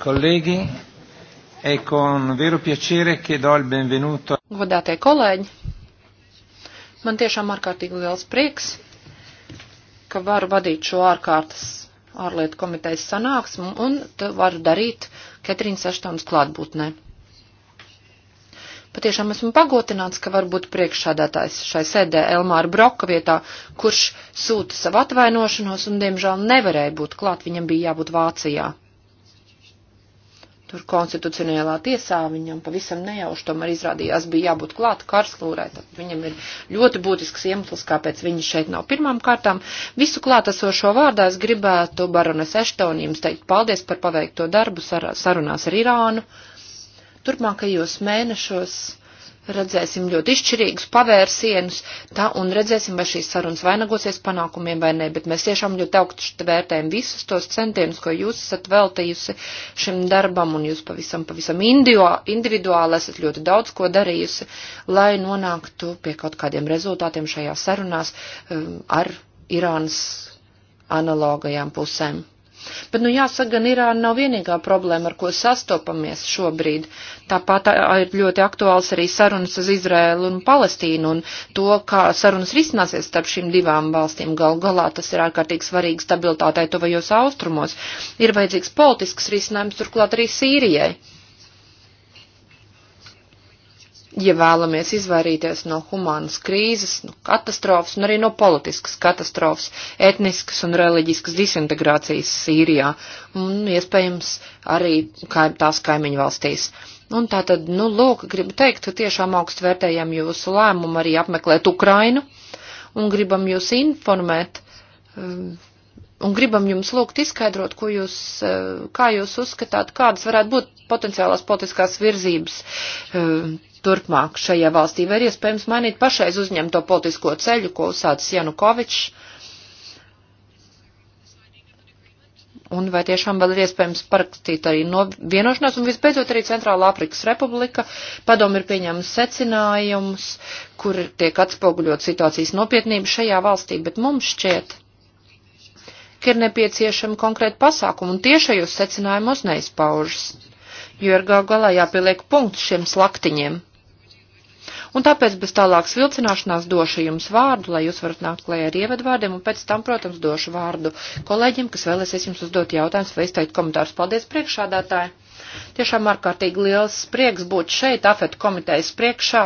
Colleghi, è con vero piacere che do il benvenuto. Godātie kolēģi, man tiešām ārkārtīgi liels prieks, ka varu vadīt šo ārkārtas ārlietu komitejas sanāksmu un to varu darīt Ketrīnas Aštonas klātbūtnē. Patiešām esmu pagotināts, ka var būt priekšsādātājs šai sēdē Elmāra Broka vietā, kurš sūta savu atvainošanos un, diemžēl, nevarēja būt klāt, viņam bija jābūt Vācijā. Tur konstitucionālā tiesā viņam pavisam nejauši tomēr izrādījās bija jābūt klāt karslūrē, tad viņam ir ļoti būtisks iemesls, kāpēc viņi šeit nav. Pirmām kārtām visu klātesošo vārdā es gribētu barones Eštonijums teikt paldies par paveikto darbu sarunās ar Irānu. Turpmākajos mēnešos redzēsim ļoti izšķirīgus pavērsienus, tā un redzēsim, vai šīs sarunas vainagosies panākumiem vai nē, bet mēs tiešām ļoti augstu vērtējam visus tos centienus, ko jūs esat veltījusi šim darbam, un jūs pavisam, pavisam individuāli esat ļoti daudz ko darījusi, lai nonāktu pie kaut kādiem rezultātiem šajā sarunās um, ar Irānas analogajām pusēm. Bet, nu, jāsaka, gan Irāna nav vienīgā problēma, ar ko sastopamies šobrīd. Tāpat tā ir ļoti aktuāls arī sarunas uz Izrēlu un Palestīnu un to, kā sarunas risināsies starp šīm divām valstīm. Gal galā tas ir ārkārtīgi svarīgi stabilitātei tuvajos austrumos. Ir vajadzīgs politisks risinājums turklāt arī Sīrijai ja vēlamies izvairīties no humānas krīzes, no katastrofas un arī no politiskas katastrofas, etniskas un reliģiskas disintegrācijas Sīrijā un iespējams arī kaim, tās kaimiņu valstīs. Un tā tad, nu, lūk, gribu teikt, ka tiešām augstu vērtējam jūsu lēmumu arī apmeklēt Ukrainu un gribam jūs informēt. Um, un gribam jums lūgt izskaidrot, ko jūs, uh, kā jūs uzskatāt, kādas varētu būt potenciālās politiskās virzības um, turpmāk šajā valstī, vai ir iespējams mainīt pašreiz uzņemto politisko ceļu, ko uzsācis Janukovičs? Un vai tiešām vēl ir iespējams parakstīt arī no vienošanās, un visbeidzot arī Centrāla Afrikas Republika padomu ir pieņēmusi secinājumus, kur tiek atspoguļot situācijas nopietnība šajā valstī, bet mums šķiet, ka ir nepieciešama konkrēta pasākuma, un tiešajos secinājumos neizpaužas, jo ir gal galā jāpieliek punkts šiem slaktiņiem. Un tāpēc bez tālākas vilcināšanās došu jums vārdu, lai jūs varat nākt klajā ar ievadvārdiem, un pēc tam, protams, došu vārdu kolēģim, kas vēlēsies jums uzdot jautājumus vai izteikt komentārus. Paldies, priekšādātāji! Tiešām ārkārtīgi liels prieks būt šeit, afet komitejas priekšā.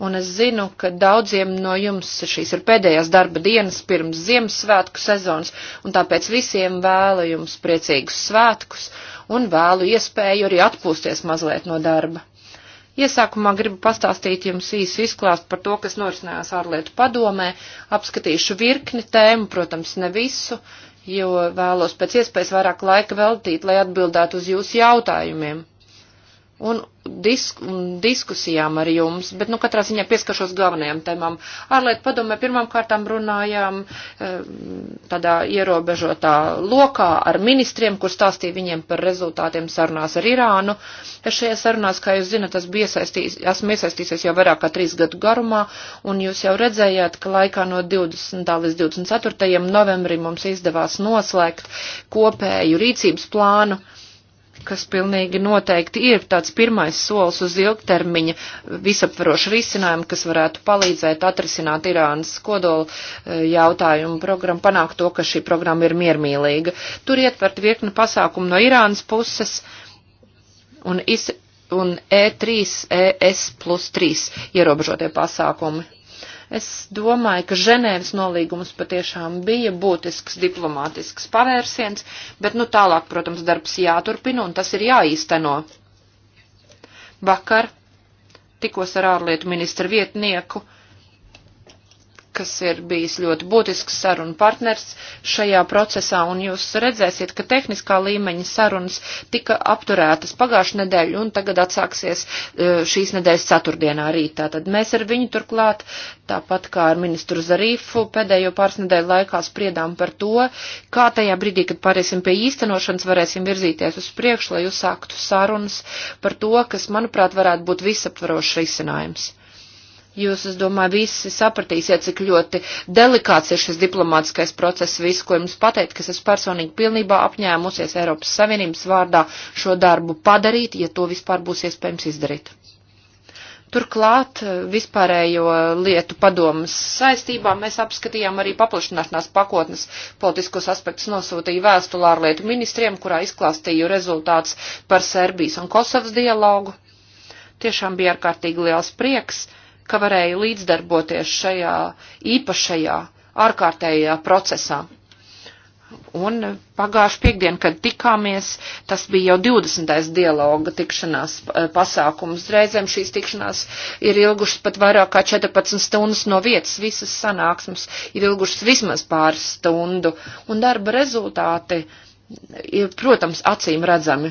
Un es zinu, ka daudziem no jums šīs ir pēdējās darba dienas pirms Ziemassvētku sezonas, un tāpēc visiem vēlu jums priecīgus svētkus un vēlu iespēju arī atpūsties mazliet no darba. Iesākumā gribu pastāstīt jums īsu izklāstu par to, kas norisinājās ārlietu padomē. Apskatīšu virkni tēmu, protams, ne visu, jo vēlos pēc iespējas vairāk laika veltīt, lai atbildētu uz jūsu jautājumiem un disk, diskusijām ar jums, bet, nu, katrā ziņā pieskaršos galvenajām tēmām. Ārlietu padomē pirmām kārtām runājām eh, tādā ierobežotā lokā ar ministriem, kur stāstīja viņiem par rezultātiem sarunās ar Irānu. Es šajā sarunās, kā jūs zinat, es iesaistīs, esmu iesaistīsies jau vairāk kā trīs gadu garumā, un jūs jau redzējāt, ka laikā no 20. līdz 24. novembrim mums izdevās noslēgt kopēju rīcības plānu kas pilnīgi noteikti ir tāds pirmais solis uz ilgtermiņa visaptverošu risinājumu, kas varētu palīdzēt atrisināt Irānas kodolu e, jautājumu programmu, panākt to, ka šī programma ir miermīlīga. Tur ietvert virkni pasākumu no Irānas puses un, is, un E3, ES plus 3 ierobežotie pasākumi Es domāju, ka Ženēvas nolīgums patiešām bija būtisks diplomātisks pavērsiens, bet nu tālāk, protams, darbs jāturpina un tas ir jāīsteno. Vakar tikos ar ārlietu ministra vietnieku kas ir bijis ļoti būtisks sarunu partners šajā procesā, un jūs redzēsiet, ka tehniskā līmeņa sarunas tika apturētas pagājušajā nedēļā, un tagad atsāksies e, šīs nedēļas ceturtdienā rītā. Tad mēs ar viņu turklāt, tāpat kā ar ministru Zarīfu, pēdējo pāris nedēļu laikā spriedām par to, kā tajā brīdī, kad pāriesim pie īstenošanas, varēsim virzīties uz priekšu, lai uzsāktu sarunas par to, kas, manuprāt, varētu būt visaptvarošs risinājums. Jūs, es domāju, visi sapratīsiet, cik ļoti delikāts ir šis diplomātskais process, visu, ko jums pateikt, kas es personīgi pilnībā apņēmusies Eiropas Savienības vārdā šo darbu padarīt, ja to vispār būs iespējams izdarīt. Turklāt eh, vispārējo lietu padomas saistībā mēs apskatījām arī paplašināšanās pakotnes politiskos aspektus nosūtīju vēstuli ārlietu ministriem, kurā izklāstīju rezultāts par Serbijas un Kosovas dialogu. Tiešām bija ārkārtīgi liels prieks ka varēja līdzdarboties šajā īpašajā ārkārtējā procesā. Un pagājuši piekdien, kad tikāmies, tas bija jau 20. dialoga tikšanās eh, pasākums. Reizēm šīs tikšanās ir ilgušas pat vairāk kā 14 stundas no vietas. Visas sanāksmes ir ilgušas vismaz pāris stundu. Un darba rezultāti ir, protams, acīm redzami.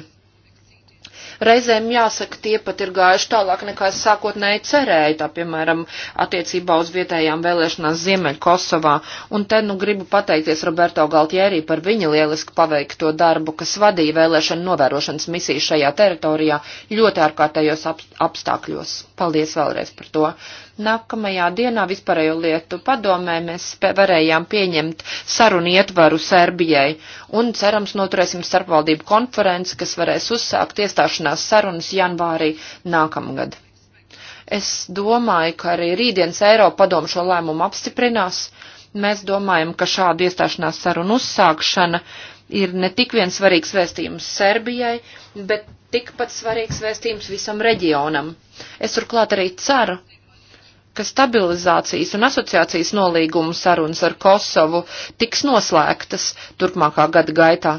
Reizēm jāsaka, tie pat ir gājuši tālāk nekā es sākotnēji cerēju, tā piemēram attiecībā uz vietējām vēlēšanās Ziemeļ Kosovā. Un te nu gribu pateikties Roberto Galtieri par viņa lieliski paveikto darbu, kas vadīja vēlēšanu novērošanas misiju šajā teritorijā ļoti ārkārtējos apstākļos. Paldies vēlreiz par to. Nākamajā dienā vispārējo lietu padomē mēs varējām pieņemt sarunu ietvaru Serbijai un cerams noturēsim starpvaldību konferenci, kas varēs uzsākt iestāšanās sarunas janvārī nākamgad. Es domāju, ka arī rītdienas Eiropa padomu šo lēmumu apstiprinās. Mēs domājam, ka šāda iestāšanās saruna uzsākšana ir ne tik viens svarīgs vēstījums Serbijai, bet tikpat svarīgs vēstījums visam reģionam. Es turklāt arī ceru, ka stabilizācijas un asociācijas nolīgumu sarunas ar Kosovu tiks noslēgtas turpmākā gada gaitā.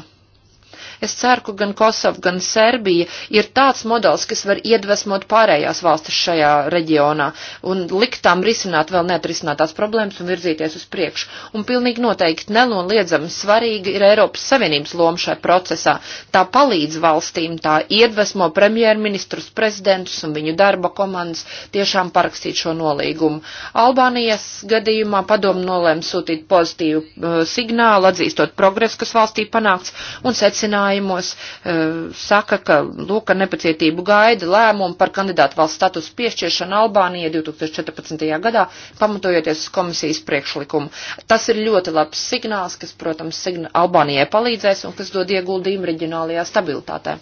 Es ceru, ka gan Kosova, gan Serbija ir tāds modelis, kas var iedvesmot pārējās valstis šajā reģionā un likt tām risināt vēl netrisinātās problēmas un virzīties uz priekšu. Un pilnīgi noteikti nenoliedzami svarīga ir Eiropas Savienības loma šai procesā. Tā palīdz valstīm, tā iedvesmo premjerministrus, prezidentus un viņu darba komandas tiešām parakstīt šo nolīgumu. Albānijas gadījumā padomu nolēma sūtīt pozitīvu uh, signālu, atzīstot progresu, kas valstī panākts, un secināja, secinājumos eh, saka, ka Lūka nepacietību gaida lēmumu par kandidātu valsts statusu piešķiršanu Albānijai 2014. gadā, pamatojoties uz komisijas priekšlikumu. Tas ir ļoti labs signāls, kas, protams, signa Albānijai palīdzēs un kas dod ieguldījumu reģionālajā stabilitātē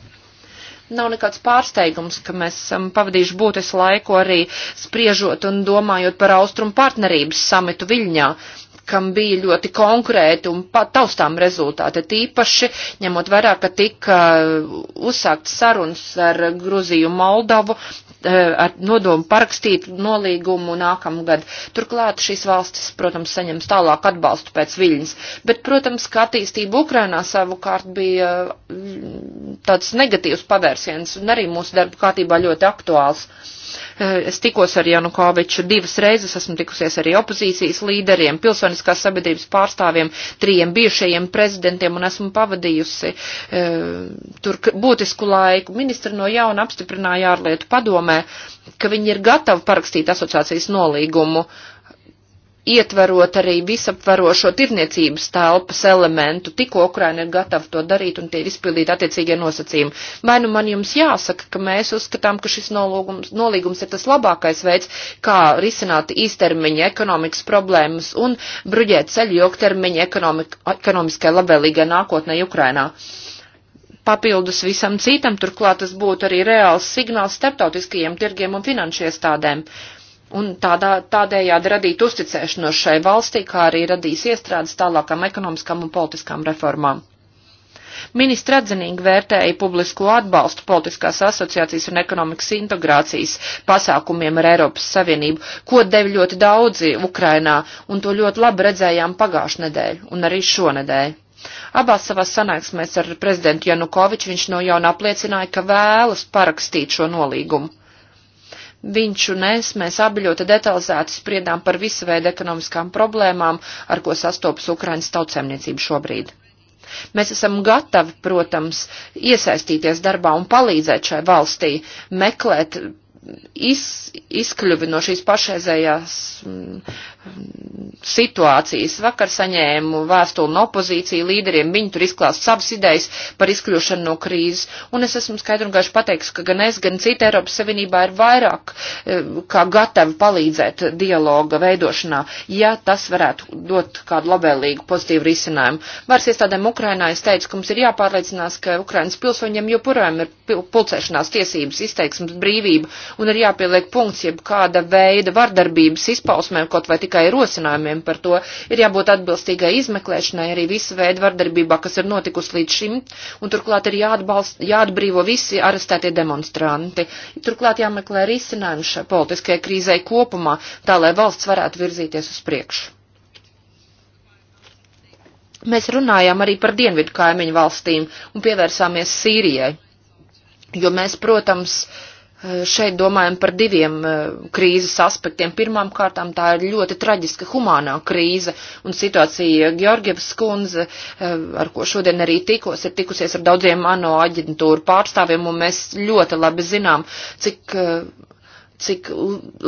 nav nekāds pārsteigums, ka mēs esam pavadījuši būtisku laiku arī spriežot un domājot par austrumu partnerības samitu Viļņā kam bija ļoti konkrēti un taustām rezultāti, tīpaši ņemot vērā, ka tika uh, uzsākts sarunas ar Gruziju Moldavu, uh, ar nodomu parakstīt nolīgumu nākamgad. Turklāt šīs valstis, protams, saņems tālāk atbalstu pēc viļņas. Bet, protams, ka attīstība Ukrainā savukārt bija uh, tāds negatīvs pavērsiens un arī mūsu darba kārtībā ļoti aktuāls. Uh, Eh, es tikos ar Janukoviču divas reizes, esmu tikusies arī opozīcijas līderiem, pilsoniskās sabiedrības pārstāvjiem, trījiem bijušajiem prezidentiem un esmu pavadījusi eh, tur būtisku laiku. Ministri no jauna apstiprināja ārlietu padomē, ka viņi ir gatavi parakstīt asociācijas nolīgumu ietverot arī visaptvarošo tirniecības telpas elementu, tikko Ukraina ir gatava to darīt un tie ir izpildīti attiecīgie nosacījumi. Vai nu man jums jāsaka, ka mēs uzskatām, ka šis nolūgums, nolīgums ir tas labākais veids, kā risināt īstermiņa ekonomikas problēmas un bruģēt ceļu ilgtermiņa ekonomiskai labvēlīgai nākotnē Ukrainā papildus visam citam, turklāt tas būtu arī reāls signāls starptautiskajiem tirgiem un finanšu iestādēm un tādā, tādējādi radīt uzticēšanos šai valstī, kā arī radīs iestrādes tālākām ekonomiskām un politiskām reformām. Ministra atzinīgi vērtēja publisko atbalstu politiskās asociācijas un ekonomikas integrācijas pasākumiem ar Eiropas Savienību, ko devi ļoti daudzi Ukrainā, un to ļoti labi redzējām pagājušajā nedēļā un arī šonedēļ. Abās savās sanāksmēs ar prezidentu Janukoviču viņš no jauna apliecināja, ka vēlas parakstīt šo nolīgumu. Viņš un es, mēs abi ļoti detalizēti spriedām par visu veidu ekonomiskām problēmām, ar ko sastopas Ukrainas tautsēmniecība šobrīd. Mēs esam gatavi, protams, iesaistīties darbā un palīdzēt šai valstī, meklēt iz, izkļuvi no šīs pašreizējās mm, situācijas. Vakar saņēmu vēstuli no opozīcija līderiem, viņi tur izklāst savas idejas par izkļūšanu no krīzes. Un es esmu skaidru un gaišu pateiks, ka gan es, gan cita Eiropas Savienībā ir vairāk e, kā gatavi palīdzēt dialoga veidošanā, ja tas varētu dot kādu labvēlīgu pozitīvu risinājumu. Vairs iestādēm Ukrainā es teicu, ka mums ir jāpārliecinās, ka Ukrainas pilsoņiem joprojām ir pulcēšanās tiesības, izteiksmes brīvība un ir jāpieliek punkts jeb kāda veida vardarbības izpausmēm, kaut vai tikai rosinājumiem par to. Ir jābūt atbilstīgai izmeklēšanai arī visa veida vardarbībā, kas ir notikusi līdz šim, un turklāt ir jāatbalst, jāatbrīvo visi arestētie demonstranti. Turklāt jāmeklē risinājums šai politiskajai krīzai kopumā, tā lai valsts varētu virzīties uz priekšu. Mēs runājām arī par dienvidu kaimiņu valstīm un pievērsāmies Sīrijai, jo mēs, protams, uh, Eh, šeit domājam par diviem eh, krīzes aspektiem. Pirmām kārtām tā ir ļoti traģiska humānā krīze un situācija Georgievas kundze, eh, ar ko šodien arī tikos, ir tikusies ar daudziem ANO aģentūru pārstāvjiem, un mēs ļoti labi zinām, cik cik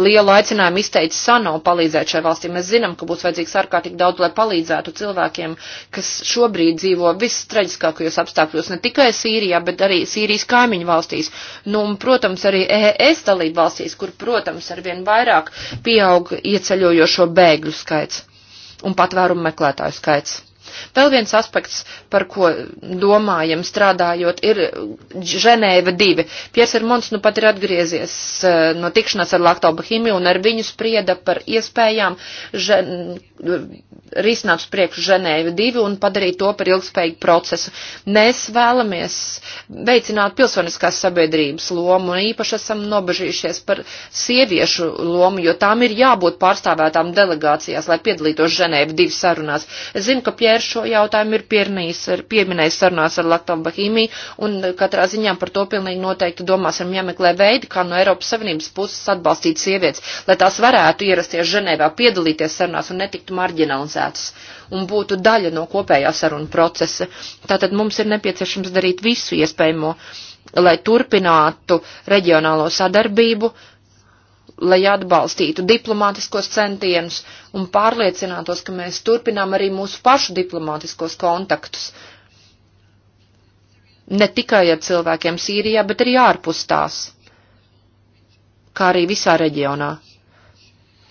lielu aicinājumu izteica ANO palīdzēt šai valstī. Mēs zinām, ka būs vajadzīgs ārkārtīgi daudz, lai palīdzētu cilvēkiem, kas šobrīd dzīvo visstraģiskākajos apstākļos, ne tikai Sīrijā, bet arī Sīrijas kaimiņu valstīs. Nu, un, protams, arī ES e dalību valstīs, kur, protams, arvien vairāk pieaug ieceļojošo bēgļu skaits un patvērumu meklētāju skaits. Vēl viens aspekts, par ko domājam strādājot, ir Ženēva 2. Piers Ermons nu pat ir atgriezies eh, no tikšanās ar Laktobahimiju un ar viņu sprieda par iespējām žen... risināt uz priekšu Ženēva 2 un padarīt to par ilgspējīgu procesu. Mēs vēlamies veicināt pilsoniskās sabiedrības lomu un īpaši esam nobežījušies par sieviešu lomu, jo tām ir jābūt pārstāvētām delegācijās, lai piedalītos Ženēva 2 sarunās. Es zinu, ka Pier ar šo jautājumu ir pierunījis, pieminējis sarunās ar Latviju Bahīmiju, un katrā ziņā par to pilnīgi noteikti domāsim jāmeklē veidi, kā no Eiropas Savienības puses atbalstīt sievietes, lai tās varētu ierasties Ženēvā, piedalīties sarunās un netiktu marginalizētas un būtu daļa no kopējā saruna procesa. Tātad mums ir nepieciešams darīt visu iespējamo, lai turpinātu reģionālo sadarbību, uh, lai atbalstītu diplomātiskos centienus un pārliecinātos, ka mēs turpinām arī mūsu pašu diplomātiskos kontaktus. Ne tikai ar cilvēkiem Sīrijā, bet arī ārpus tās, kā arī visā reģionā.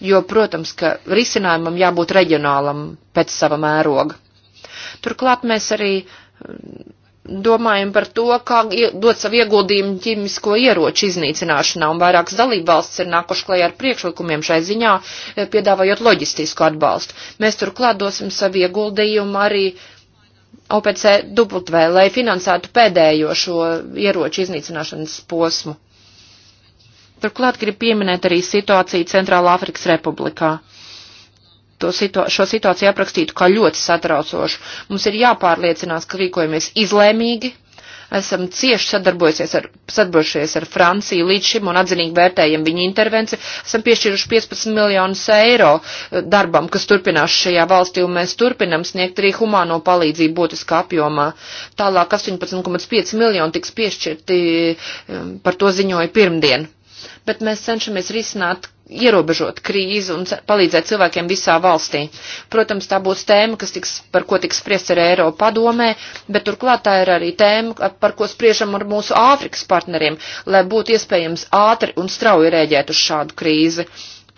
Jo, protams, ka risinājumam jābūt reģionālam pēc sava mēroga. Turklāt mēs arī domājam par to, kā dot savu ieguldījumu ķīmisko ieroču iznīcināšanā, un vairākas dalībvalsts ir nākuši klajā ar priekšlikumiem šai ziņā, eh, piedāvājot loģistisku atbalstu. Mēs turklāt dosim savu ieguldījumu arī OPC dubultvē, lai finansētu pēdējo šo ieroču iznīcināšanas posmu. Turklāt grib pieminēt arī situāciju Centrālā Afrikas Republikā situa šo situāciju aprakstītu kā ļoti satraucošu. Mums ir jāpārliecinās, ka rīkojamies izlēmīgi. Esam cieši sadarbojušies ar, sadarbojušies ar Franciju līdz šim un atzinīgi vērtējam viņa intervenci. Esam piešķiruši 15 miljonus eiro eh, darbam, kas turpinās šajā valstī, un mēs turpinam sniegt arī humāno palīdzību būtiskā apjomā. Tālāk 18,5 miljoni tiks piešķirti, eh, par to ziņoja pirmdien. Bet mēs cenšamies risināt ierobežot krīzi un palīdzēt cilvēkiem visā valstī. Protams, tā būs tēma, kas tiks, par ko tiks spriests ar Eiropa padomē, bet turklāt tā ir arī tēma, par ko spriežam ar mūsu Āfrikas partneriem, lai būtu iespējams ātri un strauji rēģēt uz šādu krīzi.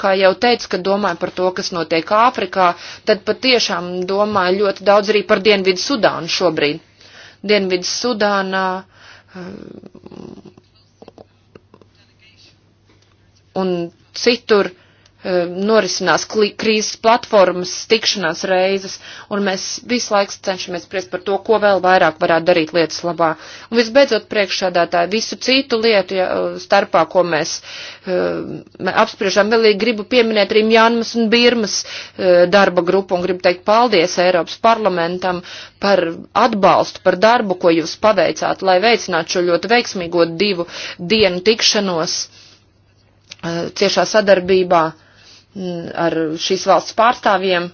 Kā jau teicu, kad domāju par to, kas notiek Āfrikā, tad patiešām domāju ļoti daudz arī par Dienvidu Sudānu šobrīd. Dienvidu Sudānā. Um, un citur um, norisinās krīzes platformas tikšanās reizes, un mēs visu laiku cenšamies spriest par to, ko vēl vairāk varētu darīt lietas labā. Un visbeidzot priekšādātāji visu citu lietu ja, uh, starpā, ko mēs uh, apspriežam, vēl gribu pieminēt arī Jānmas un Birmas uh, darba grupu, un gribu teikt paldies Eiropas parlamentam par atbalstu, par darbu, ko jūs paveicāt, lai veicinātu šo ļoti veiksmīgo divu dienu tikšanos Eh, ciešā sadarbībā mm, ar šīs valsts pārstāvjiem.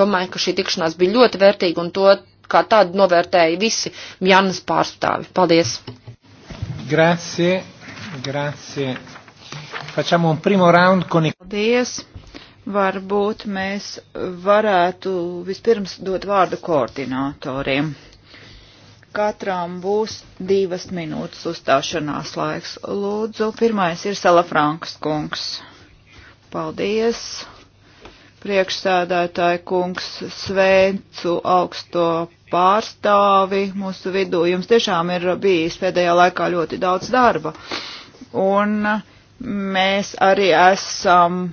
Domāju, ka šī tikšanās bija ļoti vērtīga un to kā tādu novērtēja visi Mjanas pārstāvi. Paldies! Grazie, grazie. Facciamo un primo round con i... Paldies! Varbūt mēs varētu vispirms dot vārdu koordinātoriem. Katram būs divas minūtes uzstāšanās laiks. Lūdzu, pirmais ir Salafrankas kungs. Paldies! Priekšsēdētāji kungs sveicu augsto pārstāvi mūsu vidū. Jums tiešām ir bijis pēdējā laikā ļoti daudz darba. Un mēs arī esam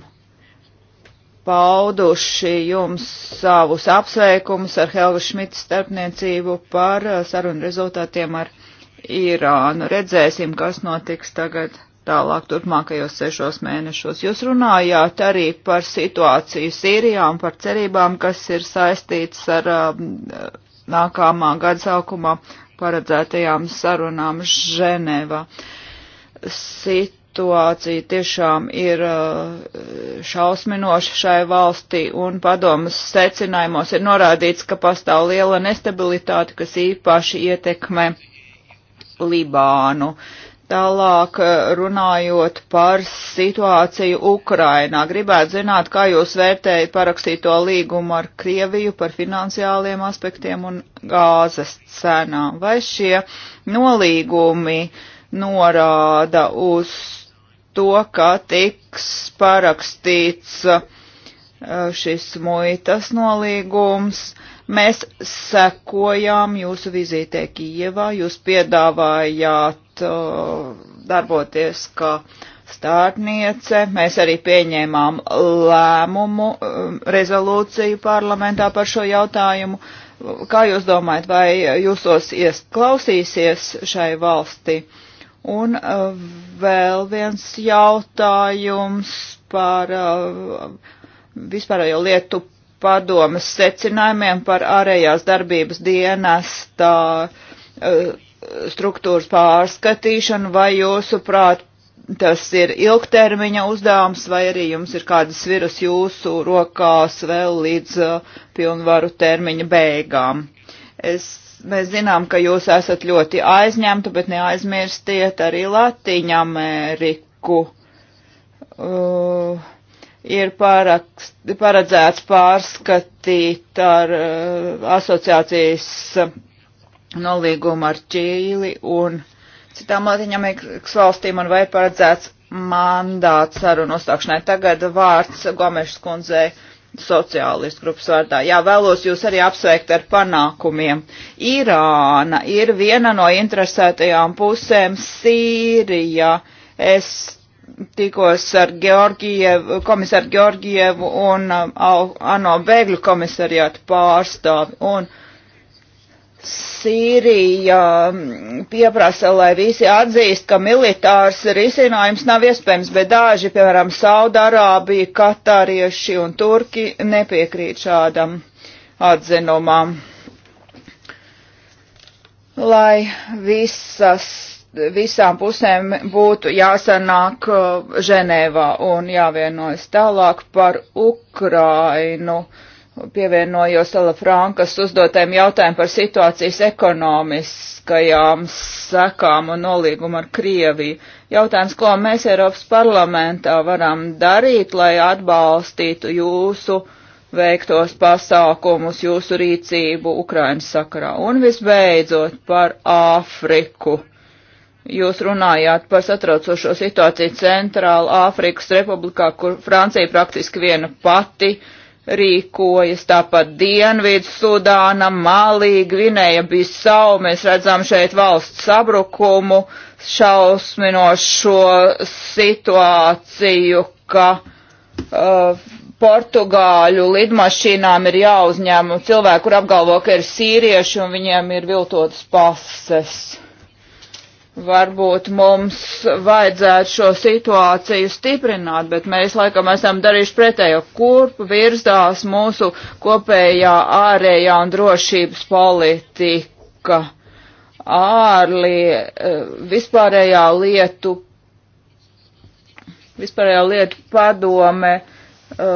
pauduši jums savus apsveikumus ar Helga Šmita starpniecību par uh, sarunu rezultātiem ar Irānu. Redzēsim, kas notiks tagad tālāk turpmākajos sešos mēnešos. Jūs runājāt arī par situāciju Sīrijā un par cerībām, kas ir saistīts ar um, nākamā gada sākumā paredzētajām sarunām Ženēvā. Sit situācija tiešām ir uh, šausminoša šai valstī, un padomas secinājumos ir norādīts, ka pastāv liela nestabilitāte, kas īpaši ietekmē Libānu. Tālāk uh, runājot par situāciju Ukrainā, gribētu zināt, kā jūs vērtējat parakstīto līgumu ar Krieviju par finansiāliem aspektiem un gāzes cenām. Vai šie nolīgumi norāda uz to, kā tiks parakstīts eh, šis muitas nolīgums. Mēs sekojām jūsu vizītē Kijevā, jūs piedāvājāt eh, darboties kā stārniece, mēs arī pieņēmām lēmumu, eh, rezolūciju parlamentā par šo jautājumu. Kā jūs domājat, vai jūsos iesklausīsies šai valsti? Uh, Un uh, vēl viens jautājums par uh, vispārējo lietu padomas secinājumiem par ārējās darbības dienestā uh, struktūras pārskatīšanu, vai jūsuprāt tas ir ilgtermiņa uzdevums, vai arī jums ir kādas virus jūsu rokās vēl līdz pilnvaru termiņa beigām. Es mēs zinām, ka jūs esat ļoti aizņemti, bet neaizmirstiet arī Latīņu Ameriku. Uh, ir parakst, paredzēts pārskatīt ar uh, asociācijas nolīgumu ar Čīli un citām Latīņu Amerikas valstīm un vai paredzēts mandāts sarunu uzstākšanai. Tagad vārds Gomešas kundzei. Uh, sociālistu grupas vārdā. Jā, vēlos jūs arī apsveikt ar panākumiem. Irāna ir viena no interesētajām pusēm Sīrija. Es tikos ar Georgievu, komisaru Georgievu un uh, ANO bēgļu komisariātu pārstāvi. Un, uh, Sīrija mm, pieprasa, lai visi atzīst, ka militārs risinājums nav iespējams, bet daži, piemēram, Saudarābija, Katārieši un Turki nepiekrīt šādam atzinumam. Lai visas, visām pusēm būtu jāsanāk uh, Ženēvā un jāvienojas tālāk par Ukrainu. Uh, pievienojos Ala Frankas uzdotajam jautājumu par situācijas ekonomiskajām sekām un nolīgumu ar Krieviju. Jautājums, ko mēs Eiropas parlamentā varam darīt, lai atbalstītu jūsu veiktos pasākumus, jūsu rīcību Ukrainas sakarā. Un visbeidzot par Āfriku. Jūs runājāt par satraucošo situāciju Centrāla Āfrikas Republikā, kur Francija praktiski viena pati uh, rīkojas, tāpat Dienvidu Sudāna, Malī, Gvinēja Bisau, mēs redzam šeit valsts sabrukumu, šausminošo situāciju, ka uh, Portugāļu lidmašīnām ir jāuzņem cilvēku, kur apgalvo, ka ir sīrieši un viņiem ir viltotas pases. Varbūt mums vajadzētu šo situāciju stiprināt, bet mēs laikam esam darījuši pretējo, kurp virzās mūsu kopējā ārējā un drošības politika, ārlie, eh, vispārējā lietu, vispārējā lietu padome eh,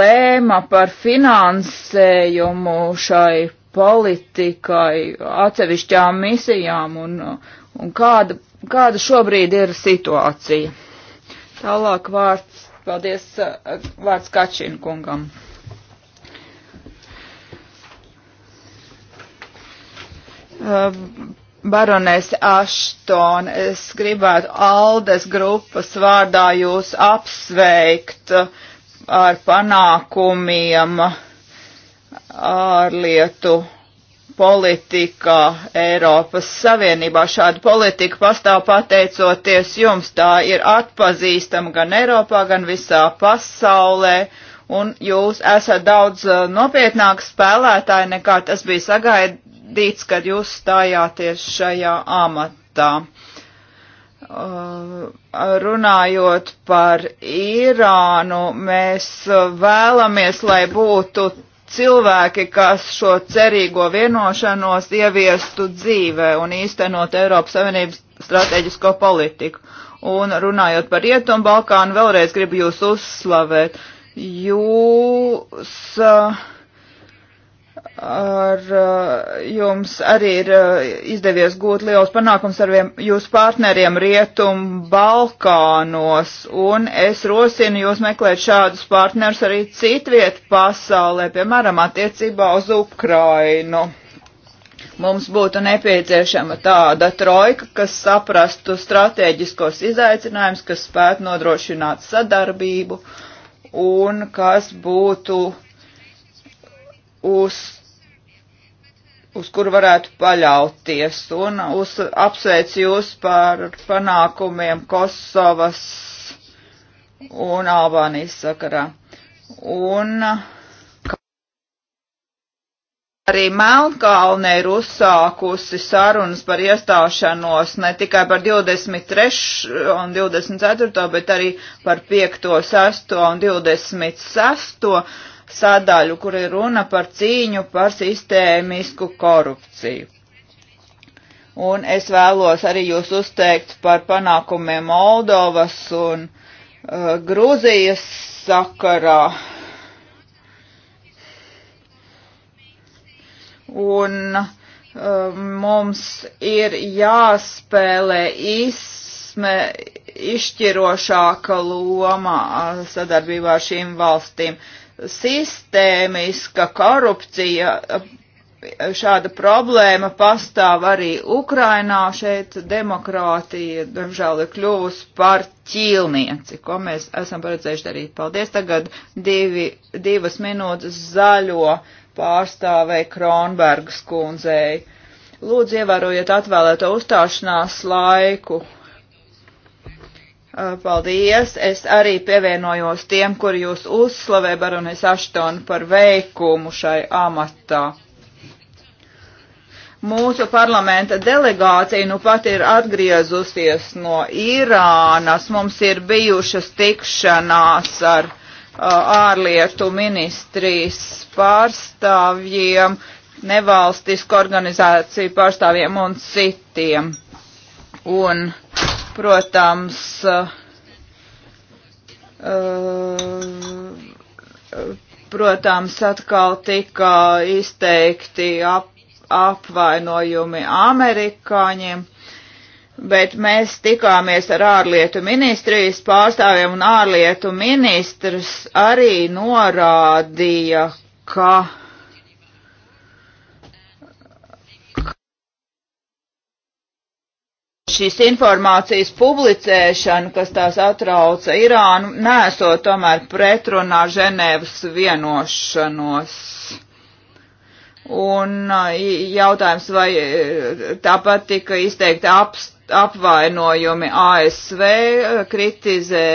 lēma par finansējumu šai politikai, atsevišķām misijām un, un kāda, kāda šobrīd ir situācija. Tālāk vārds, paldies, eh, vārds Kačina kungam. Eh, Baronēs Ašton, es gribētu Aldes grupas vārdā jūs apsveikt ar panākumiem ārlietu politikā Eiropas Savienībā. Šāda politika pastāv pateicoties jums. Tā ir atpazīstama gan Eiropā, gan visā pasaulē. Un jūs esat daudz eh, nopietnāks spēlētāji nekā tas bija sagaidīts, kad jūs stājāties šajā amatā. Uh, runājot par Irānu, mēs eh, vēlamies, lai būtu cilvēki, kas šo cerīgo vienošanos ieviestu dzīvē un īstenot Eiropas Savienības strateģisko politiku. Un runājot par Rietumu Balkānu, vēlreiz gribu jūs uzslavēt. Jūs uh, ar eh, jums arī ir eh, izdevies gūt liels panākums ar jūsu partneriem Rietum Balkānos, un es rosinu jūs meklēt šādus partnerus arī citviet pasaulē, piemēram, attiecībā uz Ukrainu. Mums būtu nepieciešama tāda trojka, kas saprastu strateģiskos izaicinājumus, kas spētu nodrošināt sadarbību un kas būtu uz uz kur varētu paļauties. Un uz, apsveic jūs par panākumiem Kosovas un Albānijas sakarā. Un arī Melnkalne ir uzsākusi sarunas par iestāšanos ne tikai par 23 un 24, bet arī par 5, 6 un 26 sadaļu, kur ir runa par cīņu par sistēmisku korupciju. Un es vēlos arī jūs uzteikt par panākumiem Moldovas un uh, Grūzijas sakarā. Un uh, mums ir jāspēlē izsme, izšķirošāka loma uh, sadarbībā ar šīm valstīm. Uh, sistēmiska korupcija, šāda problēma pastāv arī Ukrainā. Šeit demokrātija, diemžēl, ir kļuvusi par ķīlnieci, ko mēs esam paredzējuši darīt. Paldies. Tagad divi, divas minūtes zaļo pārstāvei Kronbergas kundzei. Lūdzu, ievērojiet atvēlēto uzstāšanās laiku. Uh, paldies! Es arī pievienojos tiem, kuri jūs uzslavē, Baronis Aštoni, par veikumu šai amatā. Mūsu parlamenta delegācija nu pat ir atgriezusies no Irānas. Mums ir bijušas tikšanās ar uh, ārlietu ministrijas pārstāvjiem, nevalstisku organizāciju pārstāvjiem un citiem. Un, uh, Protams, eh, protams, atkal tika izteikti ap, apvainojumi amerikāņiem. Bet mēs tikāmies ar ārlietu ministrijas pārstāvjiem, un ārlietu ministrs arī norādīja, ka šīs informācijas publicēšana, kas tās atrauca Irānu, nesot tomēr pretrunā Ženēvas vienošanos. Un uh, jautājums, vai uh, tāpat tika izteikti apst, apvainojumi ASV, uh, kritizē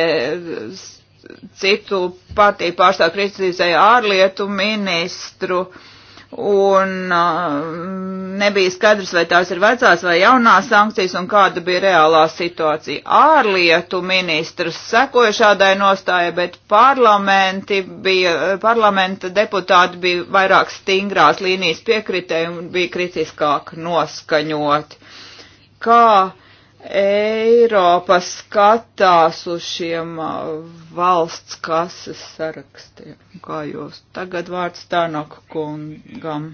citu partiju pārstāv kritizēja ārlietu ministru un nebija skaidrs, vai tās ir vecās vai jaunās sankcijas un kāda bija reālā situācija. Ārlietu ministrs sekoja šādai nostāja, bet parlamenti bija, parlamenta deputāti bija vairāk stingrās līnijas piekritē un bija kritiskāk noskaņoti. Kā Eiropa skatās uz šiem uh, valsts kases sarakstiem, kā jūs. Tagad vārds Tānaku kungam.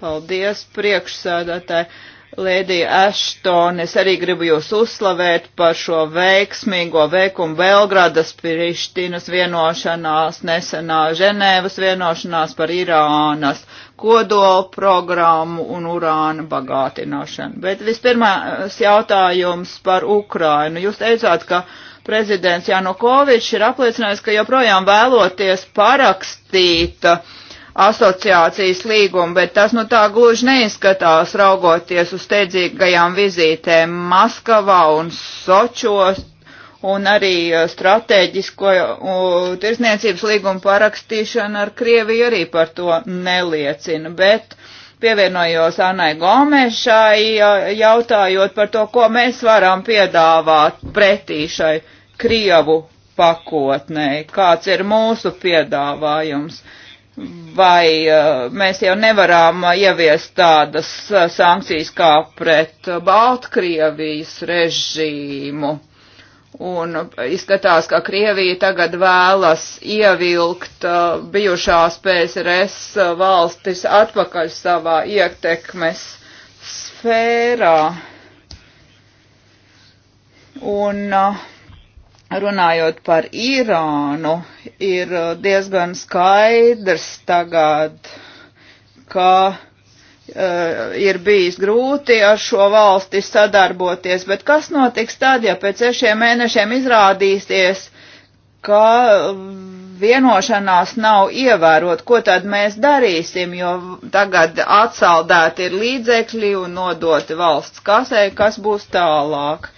Paldies, priekšsēdētāji. Lēdija Ashton, es arī gribu jūs uzslavēt par šo veiksmīgo veikumu Belgradas Prištinas vienošanās, nesenā Ženēvas vienošanās par Irānas kodola programmu un urāna bagātināšanu. Bet vispirmās jautājums par Ukrainu. Jūs teicāt, ka prezidents Janukovičs ir apliecinājis, ka joprojām vēloties parakstīt asociācijas līgumu, bet tas nu tā gluži neizskatās raugoties uz steidzīgajām vizītēm Maskavā un Sočos un arī uh, strateģisko uh, tirsniecības līgumu parakstīšana ar Krieviju arī par to neliecina, bet pievienojos Anai Gomešai, uh, jautājot par to, ko mēs varam piedāvāt pretī šai Krievu pakotnei, kāds ir mūsu piedāvājums. Vai mēs jau nevaram ieviest tādas sankcijas kā pret Baltkrievijas režīmu? Un izskatās, ka Krievija tagad vēlas ievilkt uh, bijušās PSRS uh, valstis atpakaļ savā ietekmes sfērā. Un uh, runājot par Irānu, ir uh, diezgan skaidrs tagad, ka Eh, ir bijis grūti ar šo valsti sadarboties, bet kas notiks tad, ja pēc sešiem mēnešiem izrādīsies, ka vienošanās nav ievērot, ko tad mēs darīsim, jo tagad atsaldēti ir līdzekļi un nodoti valsts kasē, kas būs tālāk.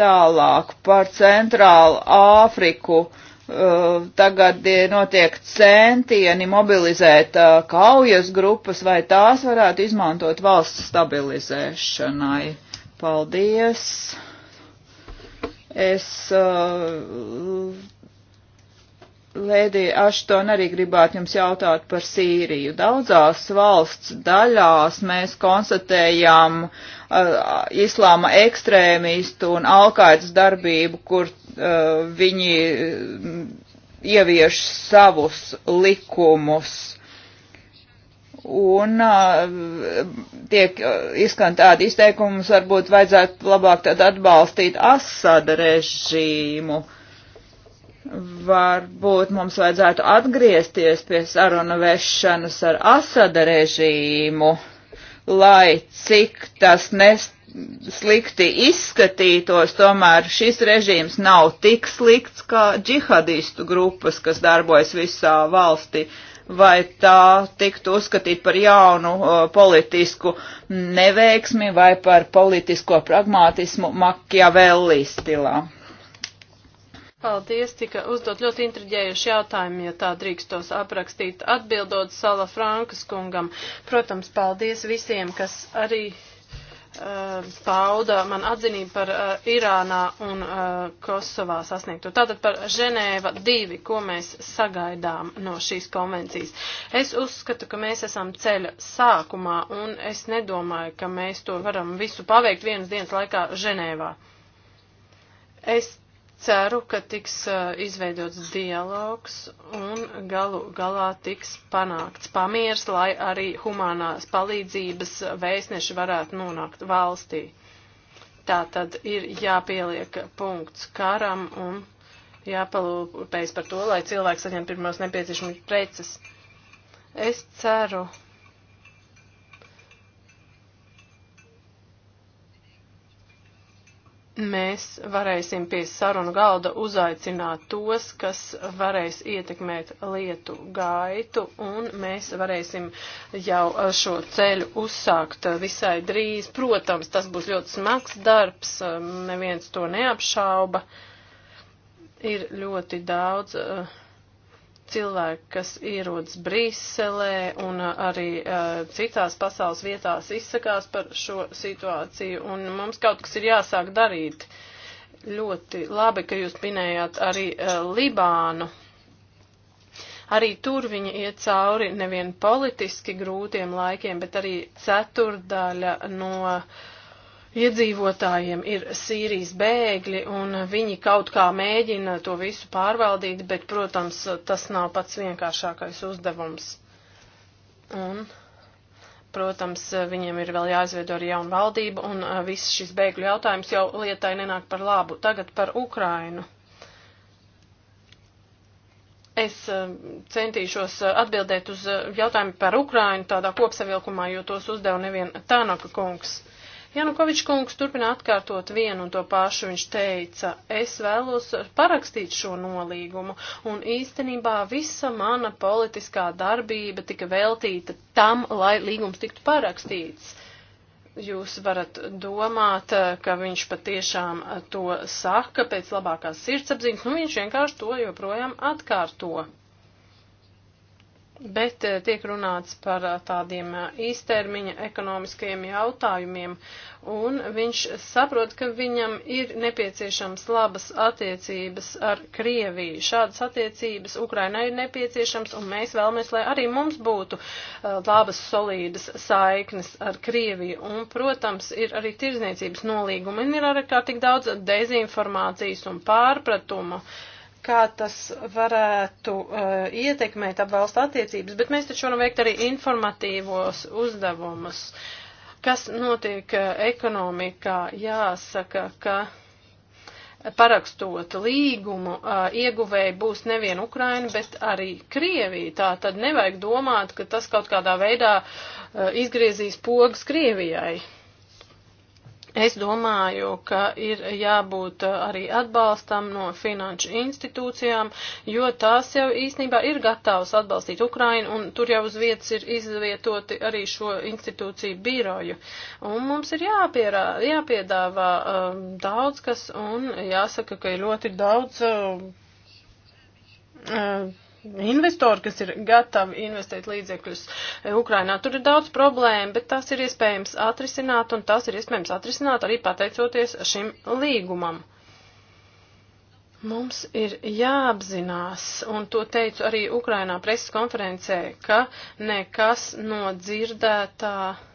Tālāk par Centrālu Āfriku. Uh, Eh, tagad eh, notiek centieni mobilizēt eh, kaujas grupas, vai tās varētu izmantot valsts stabilizēšanai. Paldies! Es Lēdī Ašton arī gribētu jums jautāt par Sīriju. Daudzās valsts daļās mēs konstatējām uh, uh, islāma ekstrēmistu un alkaitas darbību, kur uh, viņi mm, ievieš savus likumus. Un uh, tiek uh, izskan tādi izteikumus, varbūt vajadzētu labāk tad atbalstīt Asada režīmu. Varbūt mums vajadzētu atgriezties pie saruna vešanas ar Asada režīmu lai cik tas nes, slikti izskatītos, tomēr šis režīms nav tik slikts kā džihadistu grupas, kas darbojas visā valstī. Vai tā tiktu uzskatīt par jaunu uh, politisku neveiksmi vai par politisko pragmātismu Makjavelli stilā? Paldies, tika uzdot ļoti intriģējuši jautājumi, ja tā drīkstos aprakstīt, atbildot Sala Frankas kungam. Protams, paldies visiem, kas arī uh, pauda man atzinību par uh, Irānā un uh, Kosovā sasniegto. Tātad par Ženēva 2, ko mēs sagaidām no šīs konvencijas. Es uzskatu, ka mēs esam ceļa sākumā un es nedomāju, ka mēs to varam visu paveikt vienas dienas laikā Ženēvā. Es Ceru, ka tiks izveidots dialogs un galu galā tiks panākts pamiers, lai arī humanās palīdzības vēstneši varētu nonākt valstī. Tā tad ir jāpieliek punkts karam un jāpalūpējas par to, lai cilvēks saņem pirmos nepieciešamības preces. Es ceru, mēs varēsim pie sarunu galda uzaicināt tos, kas varēs ietekmēt lietu gaitu, un mēs varēsim jau šo ceļu uzsākt visai drīz. Protams, tas būs ļoti smags darbs, neviens to neapšauba. Ir ļoti daudz. Uh, cilvēki, kas ierodas Brīselē un uh, arī uh, citās pasaules vietās izsakās par šo situāciju, un mums kaut kas ir jāsāk darīt. Ļoti labi, ka jūs minējāt arī uh, Libānu. Arī tur viņi iet cauri nevien politiski grūtiem laikiem, bet arī ceturdaļa no uh, iedzīvotājiem ir Sīrijas bēgļi un viņi kaut kā mēģina to visu pārvaldīt, bet, protams, tas nav pats vienkāršākais uzdevums. Un, protams, viņiem ir vēl jāizveido arī jauna valdība un uh, viss šis bēgļu jautājums jau lietai nenāk par labu. Tagad par Ukrainu. Es uh, centīšos uh, atbildēt uz jautājumu par Ukrainu tādā kopsavilkumā, jo tos uzdeva nevien Tānaka kungs. Uh, Janukovičs kungs turpina atkārtot vienu un to pašu. Viņš teica, es vēlos parakstīt šo nolīgumu, un īstenībā visa mana politiskā darbība tika veltīta tam, lai līgums tiktu parakstīts. Jūs varat domāt, ka viņš patiešām to saka pēc labākās sirdsapziņas, nu viņš vienkārši to joprojām atkārto. Bet eh, tiek runāts par eh, tādiem eh, īstermiņa ekonomiskajiem jautājumiem, un viņš saprot, ka viņam ir nepieciešams labas attiecības ar Krieviju. Šādas attiecības Ukrainai ir nepieciešams, un mēs vēlamies, lai arī mums būtu labas, solīdas saiknes ar Krieviju. Un, protams, ir arī tirzniecības nolīgumi, un ir arī kā tik daudz dezinformācijas un pārpratuma. Uh, kā tas varētu uh, ietekmēt apvalstu attiecības, bet mēs taču varam veikt arī informatīvos uzdevumus. Kas notiek uh, ekonomikā? Jāsaka, ka parakstot līgumu, eh, ieguvēji būs nevien Ukraina, bet arī Krievija. Tā tad nevajag domāt, ka tas kaut kādā veidā izgriezīs pogas Krievijai. Es domāju, ka ir jābūt arī atbalstam no finanšu institūcijām, jo tās jau īstenībā ir gatavas atbalstīt Ukrainu, un tur jau uz vietas ir izvietoti arī šo institūciju biroju. Un mums ir jāpierā, jāpiedāvā um, daudz kas, un jāsaka, ka ir ļoti daudz. Um, um investori, kas ir gatavi investēt līdzekļus e, Ukrainā. Tur ir daudz problēmu, bet tas ir iespējams atrisināt, un tas ir iespējams atrisināt arī pateicoties šim līgumam. Mums ir jāapzinās, un to teicu arī Ukrainā preses konferencē, ka nekas no dzirdētā. Uh,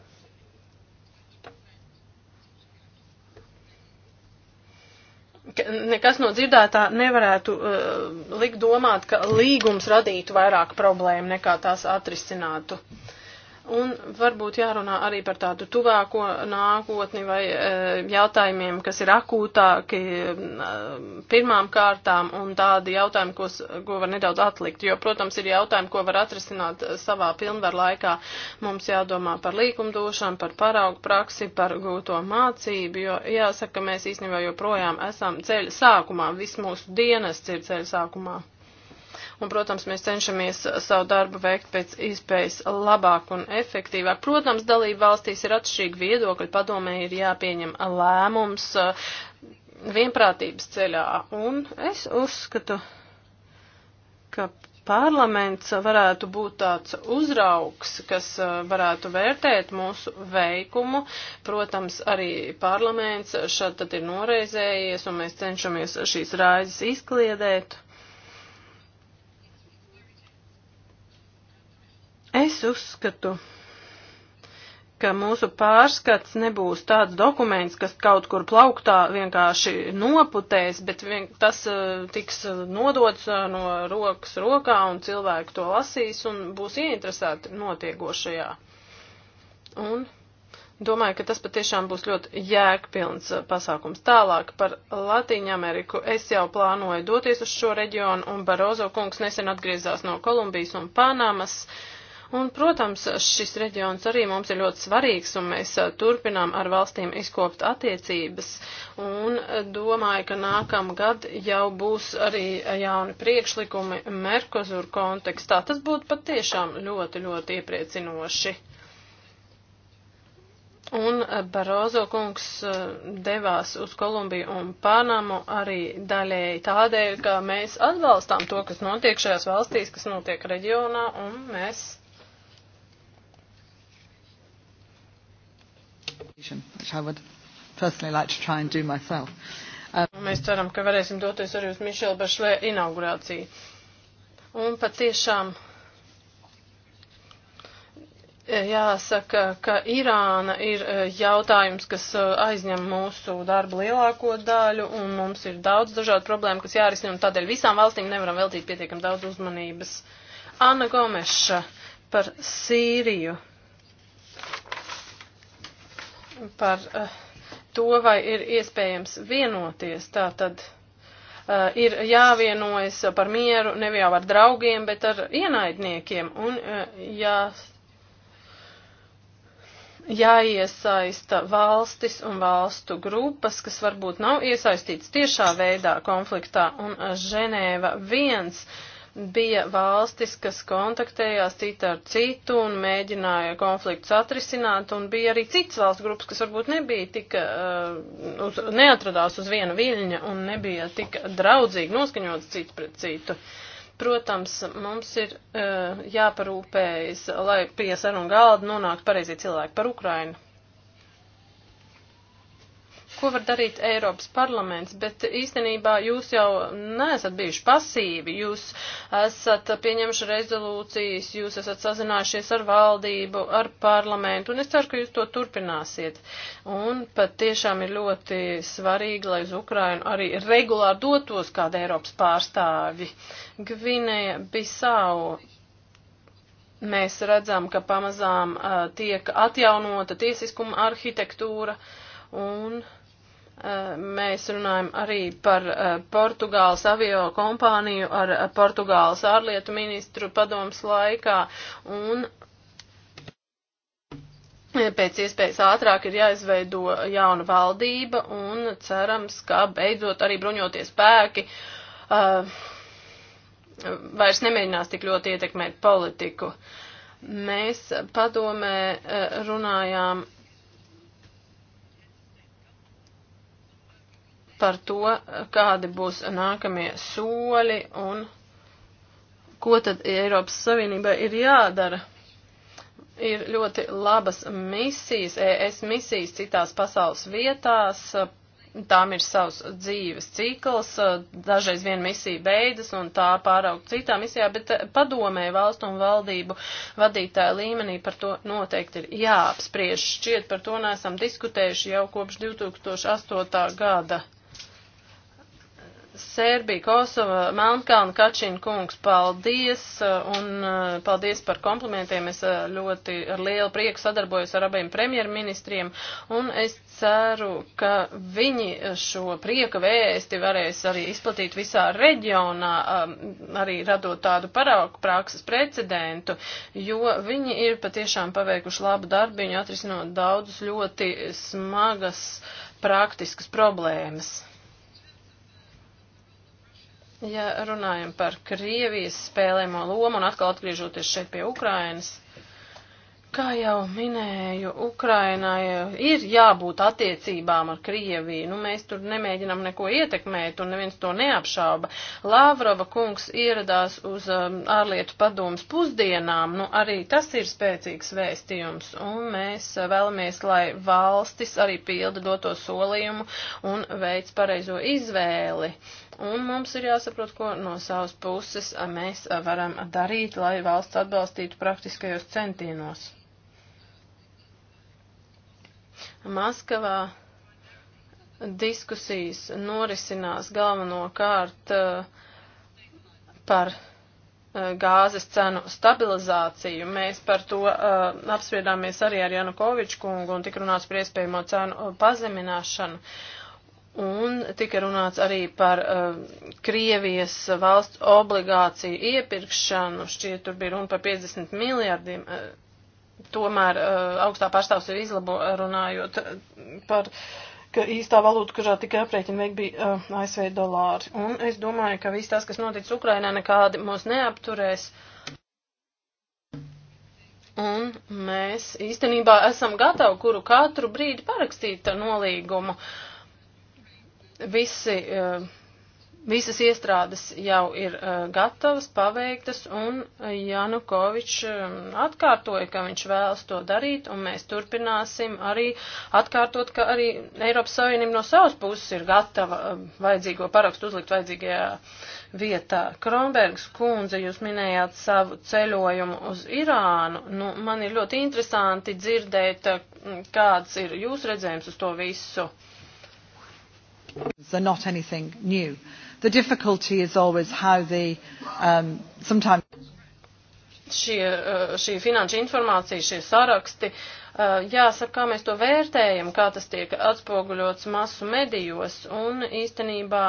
nekas no dzirdētā nevarētu uh, likt domāt, ka līgums radītu vairāk problēmu nekā tās atrisinātu. Uh, Un varbūt jārunā arī par tādu tuvāko nākotni vai e, jautājumiem, kas ir akūtāki e, pirmām kārtām un tādi jautājumi, ko, ko var nedaudz atlikt. Jo, protams, ir jautājumi, ko var atrisināt savā pilnvaru laikā. Mums jādomā par līkumdošanu, par paraugu praksi, par gūto mācību, jo jāsaka, mēs īstenībā joprojām esam ceļa sākumā. Viss mūsu dienas ir ceļa sākumā. Un, protams, mēs cenšamies savu darbu veikt pēc iespējas labāk un efektīvāk. Protams, dalību valstīs ir atšķirīgi viedokļi, padomē ir jāpieņem lēmums uh, vienprātības ceļā. Un es uzskatu, ka parlaments varētu būt tāds uzraugs, kas uh, varētu vērtēt mūsu veikumu. Protams, arī parlaments šad tad ir noreizējies, un mēs cenšamies šīs raizes izkliedēt. Es uzskatu, ka mūsu pārskats nebūs tāds dokuments, kas kaut kur plauktā vienkārši noputēs, bet vien, tas uh, tiks eh, nodots uh, no rokas rokā un cilvēki to lasīs un būs ieinteresēti notiekošajā. Un domāju, ka tas patiešām būs ļoti jēgpilns pasākums. Tālāk par Latīņu Ameriku. Es jau plānoju doties uz šo reģionu un Barozo kungs nesen atgriezās no Kolumbijas un Panamas. Uh, Un, protams, šis reģions arī mums ir ļoti svarīgs, un mēs turpinām ar valstīm izkopt attiecības. Un domāju, ka nākamgad jau būs arī jauni priekšlikumi Merkozur kontekstā. Tas būtu patiešām ļoti, ļoti iepriecinoši. Un Barozo kungs devās uz Kolumbiju un Panamu arī daļēji tādēļ, ka mēs atbalstām to, kas notiek šajās valstīs, kas notiek reģionā, un mēs Which I would personally like to try and do myself. Um, Mēs ceram, ka varēsim doties arī uz Mišela Bašlē inaugurāciju. Un patiešām e, jāsaka, ka Irāna ir e, jautājums, kas e, aizņem mūsu darbu lielāko daļu, un mums ir daudz dažādu problēmu, kas jārisina, un tādēļ visām valstīm nevaram veltīt pietiekam daudz uzmanības. Anna Gomeša par Sīriju par eh, to, vai ir iespējams vienoties. Tā tad eh, ir jāvienojas par mieru nev jau ar draugiem, bet ar ienaidniekiem. Un eh, jā, jāiesaista valstis un valstu grupas, kas varbūt nav iesaistītas tiešā veidā konfliktā. Un Ženēva viens. Uh, bija valstis, kas kontaktējās cita ar citu un mēģināja konfliktus atrisināt, un bija arī citas valsts grupas, kas varbūt nebija tik, uh, uz, neatradās uz viena viļņa un nebija tik draudzīgi noskaņots cits pret citu. Protams, mums ir uh, jāparūpējas, lai pie sarunu galda nonāktu pareizie cilvēki par Ukrainu ko var darīt Eiropas parlaments, bet īstenībā jūs jau neesat bijuši pasīvi, jūs esat pieņemši rezolūcijas, jūs esat sazinājušies ar valdību, ar parlamentu, un es ceru, ka jūs to turpināsiet. Un pat tiešām ir ļoti svarīgi, lai uz Ukrainu arī regulāri dotos kāda Eiropas pārstāvi. Gvinēja Bisau mēs redzam, ka pamazām uh, tiek atjaunota tiesiskuma arhitektūra un uh, Eh, mēs runājam arī par eh, Portugāles avio kompāniju ar eh, Portugāles ārlietu ministru padoms laikā un pēc iespējas ātrāk ir jāizveido jauna valdība un cerams, ka beidzot arī bruņoties spēki uh, vairs nemēģinās tik ļoti ietekmēt politiku. Mēs padomē runājām par to, kādi būs nākamie soļi un ko tad Eiropas Savienībai ir jādara. Ir ļoti labas misijas, ES misijas citās pasaules vietās, tām ir savs dzīves cikls, dažreiz viena misija beidzas un tā pāraug citā misijā, bet padomē valstu un valdību vadītāja līmenī par to noteikti ir jāapspriež. Šķiet, par to neesam diskutējuši jau kopš 2008. gada. Sērbija, Kosova, Melnkalna, Kačina kungs, paldies uh, un uh, paldies par komplimentiem. Es uh, ļoti ar lielu prieku sadarbojos ar abiem premjerministriem un es ceru, ka viņi šo prieka vēsti varēs arī izplatīt visā reģionā, um, arī radot tādu paraugu prakses precedentu, jo viņi ir patiešām paveikuši labu darbiņu, atrisinot daudzus ļoti smagas praktiskas problēmas. Ja runājam par Krievijas spēlēmo lomu un atkal atgriežoties šeit pie Ukrainas, kā jau minēju, Ukrainai ir jābūt attiecībām ar Krieviju. Nu, mēs tur nemēģinām neko ietekmēt un neviens to neapšauba. Lavrova kungs ieradās uz um, ārlietu padomas pusdienām, nu arī tas ir spēcīgs vēstījums un mēs vēlamies, lai valstis arī pilda doto solījumu un veids pareizo izvēli un mums ir jāsaprot, ko no savas puses mēs varam darīt, lai valsts atbalstītu praktiskajos centienos. Maskavā diskusijas norisinās galvenokārt eh, par eh, gāzes cenu stabilizāciju. Mēs par to uh, apspriedāmies arī ar Janukoviču kungu un tik runāts par iespējamo cenu pazemināšanu. Uh, Un tika runāts arī par uh, Krievijas valsts obligāciju iepirkšanu, šķiet tur bija runa par 50 miljardiem. Uh, tomēr uh, augstā pārstāvs ir izlabo runājot uh, par, ka īstā valūta, kurā tika aprēķina veik bija uh, ASV dolāri. Un es domāju, ka viss tas, kas noticis Ukrainā, nekādi mūs neapturēs. Un mēs īstenībā esam gatavi kuru katru brīdi parakstīt nolīgumu. Uh, visi, eh, visas iestrādes jau ir eh, gatavas, paveiktas, un Janukovičs eh, atkārtoja, ka viņš vēlas to darīt, un mēs turpināsim arī atkārtot, ka arī Eiropas Savienība no savas puses ir gatava vajadzīgo parakstu uzlikt vajadzīgajā vietā. Kronbergs kundze, jūs minējāt savu ceļojumu uz Irānu. Nu, man ir ļoti interesanti dzirdēt, kāds ir jūsu redzējums uz to visu. They're not anything new. The difficulty is always how the um, sometimes šie, uh, šī finanšu informācija, šie saraksti, uh, jāsaka, kā mēs to vērtējam, kā tas tiek atspoguļots masu medijos, un īstenībā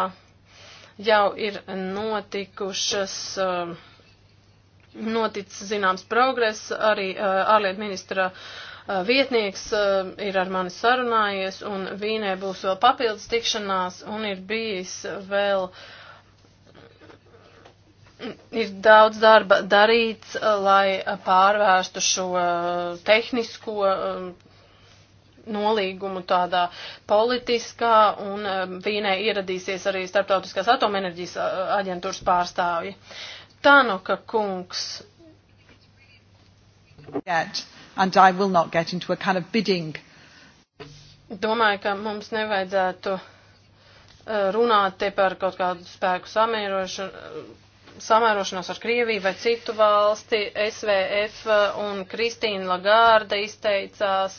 jau ir notikušas, uh, noticis zināms progress arī ārlietu ministra uh, Eh, vietnieks eh, ir ar mani sarunājies, un Vīnē būs vēl papildus tikšanās, un ir bijis vēl. Ir daudz darba darīts, eh, lai pārvērstu šo tehnisko nolīgumu tādā politiskā, un Vīnē ieradīsies arī Startautiskās atomenerģijas aģentūras pārstāvji. Tanoka kungs. Gāds. Yeah and I will not get into a kind of bidding. Domāju, ka mums nevajadzētu uh, runāt te par kaut kādu spēku samierošanu samērošanos ar Krieviju vai citu valsti, SVF un Kristīna Lagārda izteicās,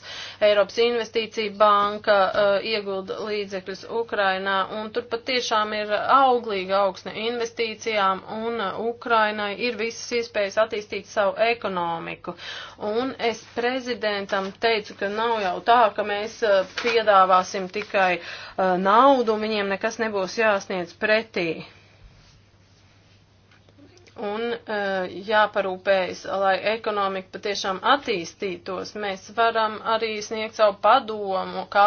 Eiropas investīcija banka eh, iegulda līdzekļus Ukrainā, un tur pat tiešām ir auglīga augsne investīcijām, un Ukrainai ir visas iespējas attīstīt savu ekonomiku. Un es prezidentam teicu, ka nav jau tā, ka mēs eh, piedāvāsim tikai eh, naudu, un viņiem nekas nebūs jāsniedz pretī un uh, jāparūpējas, lai ekonomika patiešām attīstītos. Mēs varam arī sniegt savu padomu, kā,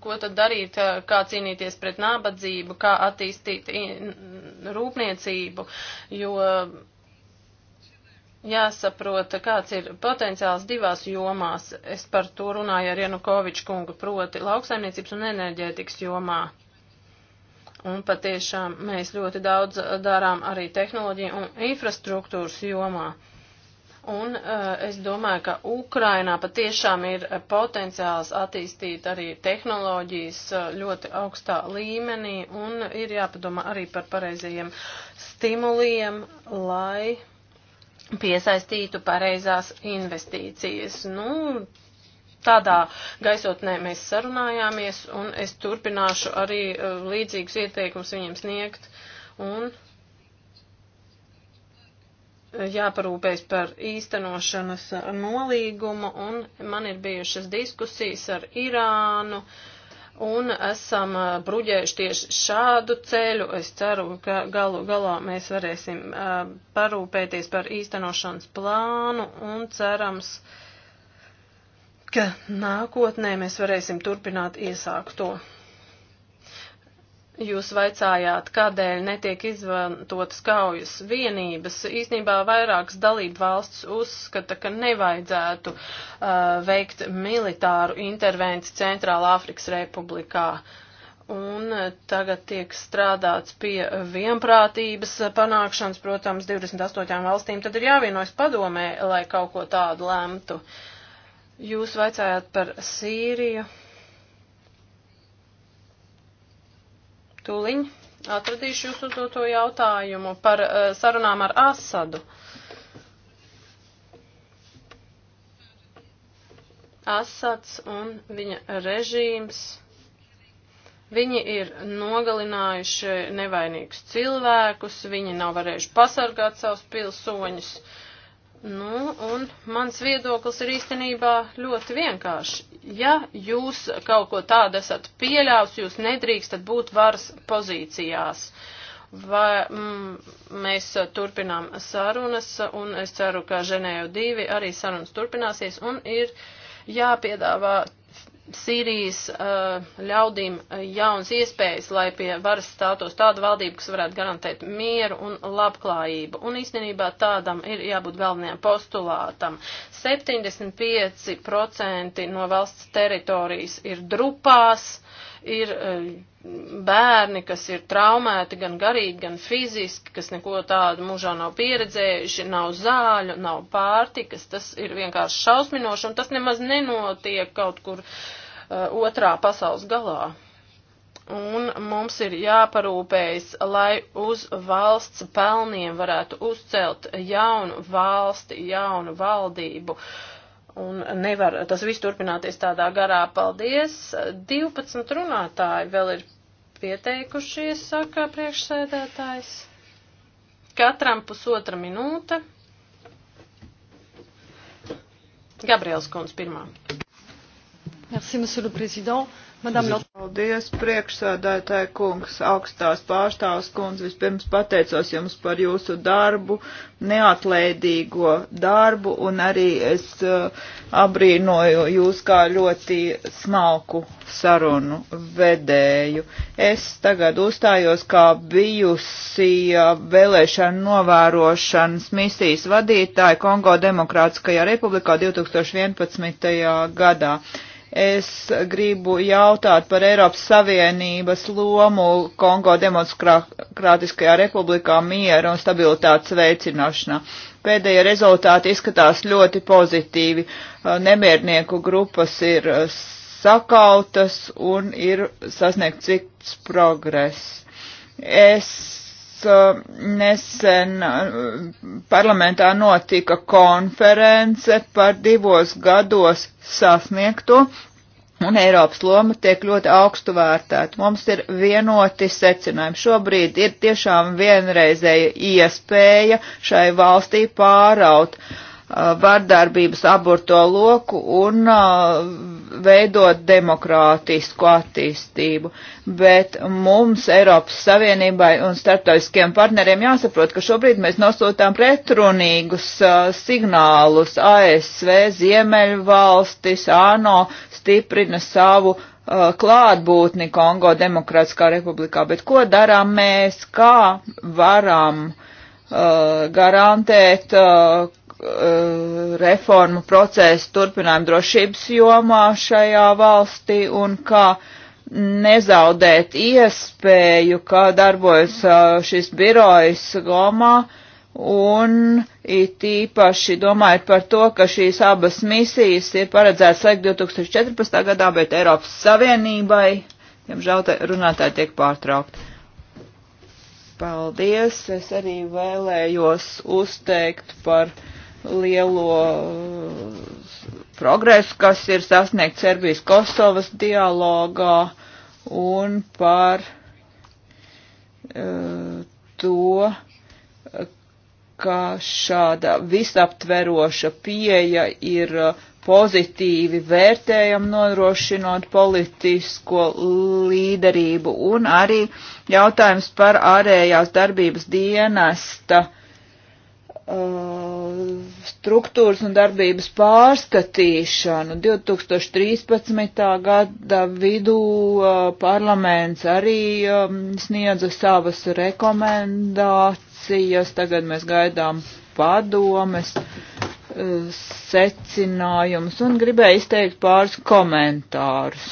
ko tad darīt, eh, kā cīnīties pret nabadzību, kā attīstīt rūpniecību, jo jāsaprot, kāds ir potenciāls divās jomās. Es par to runāju ar Janukoviču kungu, proti lauksaimniecības un enerģētikas jomā. Un patiešām mēs ļoti daudz eh, darām arī tehnoloģiju un infrastruktūras jomā. Un uh, es domāju, ka Ukrainā patiešām ir eh, potenciāls attīstīt arī tehnoloģijas ļoti augstā līmenī un ir jāpadomā arī par pareizajiem stimuliem, lai piesaistītu pareizās investīcijas. Nu, Tādā gaisotnē mēs sarunājāmies, un es turpināšu arī uh, līdzīgus ieteikumus viņiem sniegt. Un uh, jāparūpējas par īstenošanas nolīgumu, un man ir bijušas diskusijas ar Irānu, un esam uh, bruģējuši tieši šādu ceļu. Es ceru, ka galu galā mēs varēsim parūpēties par īstenošanas plānu, un cerams, uh, ka nākotnē mēs varēsim turpināt iesākto. Jūs vaicājāt, kādēļ netiek izmantotas kaujas vienības. Īsnībā vairākas dalību valsts uzskata, ka nevajadzētu uh, veikt militāru intervenciju Centrāla Afrikas Republikā. Un uh, tagad tiek strādāts pie vienprātības panākšanas, protams, 28 valstīm. Tad ir jāvienojas padomē, lai kaut ko tādu lemtu. Uh, Jūs vaicājāt par Sīriju. Tūliņ atradīšu jūs uzdoto jautājumu par uh, sarunām ar Asadu. Asads un viņa režīms. Viņi ir nogalinājuši nevainīgus cilvēkus, viņi nav varējuši pasargāt savus pilsoņus. Uh, Nu, un mans viedoklis ir īstenībā ļoti vienkārši. Ja jūs kaut ko tādu esat pieļāvis, jūs nedrīkstat būt varas pozīcijās. Vai, mm, mēs turpinām sarunas, un es ceru, ka Ženēju divi arī sarunas turpināsies, un ir jāpiedāvā Sīrijas uh, ļaudīm eh, jaunas iespējas, lai pie varas stātos tāda valdība, kas varētu garantēt mieru un labklājību. Un īstenībā tādam ir jābūt galvenajam postulātam. 75% no valsts teritorijas ir drupās, ir. Uh, bērni, kas ir traumēti gan garīgi, gan fiziski, kas neko tādu mūžā nav pieredzējuši, nav zāļu, nav pārtikas, tas ir vienkārši šausminoši, un tas nemaz nenotiek kaut kur uh, otrā pasaules galā. Un mums ir jāparūpējas, lai uz valsts pelniem varētu uzcelt jaunu valsti, jaunu valdību. Uh, un nevar tas viss turpināties tādā garā. Paldies! 12 runātāji vēl ir pieteikušies, saka priekšsēdētājs. Katram pusotra minūte. Gabriels Kunds pirmā. Merci, monsieur le président. Madam Lopes. Paldies, priekšsādātāja kungs, augstās pārstāvs kundze. Vispirms pateicos jums par jūsu darbu, neatlēdīgo darbu, un arī es eh, abrīnoju jūs kā ļoti smalku sarunu vedēju. Es tagad uzstājos kā bijusi eh, vēlēšana novērošanas misijas vadītāja Kongo Demokrātiskajā republikā 2011. gadā. Es gribu jautāt par Eiropas Savienības lomu Kongo Demokrātiskajā republikā miera un stabilitātes veicināšanā. Pēdējie rezultāti izskatās ļoti pozitīvi. Uh, nemiernieku grupas ir uh, sakautas un ir sasniegts cits progress. Es nesen uh, parlamentā notika konference par divos gados sasniegto, un Eiropas loma tiek ļoti augstu vērtēta. Mums ir vienoti secinājumi. Šobrīd ir tiešām vienreizēja iespēja šai valstī pāraut uh, Uh, vardarbības aborto loku un uh, veidot demokrātisku attīstību. Bet mums, Eiropas Savienībai un starptautiskiem partneriem jāsaprot, ka šobrīd mēs nosūtām pretrunīgus uh, signālus. ASV, Ziemeļvalstis, ANO stiprina savu klātbūtni Kongo Demokrātiskā republikā, bet ko darām mēs, kā varam uh, garantēt uh, Eh, reformu procesu turpinājumu drošības jomā šajā valstī un kā nezaudēt iespēju, kā darbojas eh, šis birojs Gomā un it īpaši domājot par to, ka šīs abas misijas ir paredzētas laik 2014. gadā, bet Eiropas Savienībai, diemžēl runātāji tiek pārtraukti. Paldies, es arī vēlējos uzteikt par lielo uh, progresu, kas ir sasniegts Serbijas Kosovas dialogā un par uh, to, ka šāda visaptveroša pieeja ir uh, pozitīvi vērtējam nodrošinot politisko līderību un arī jautājums par ārējās darbības dienesta Uh, struktūras un darbības pārskatīšanu. 2013. gada vidū uh, parlaments arī um, sniedza savas rekomendācijas, tagad mēs gaidām padomes, uh, secinājumus un gribēju izteikt pāris komentārus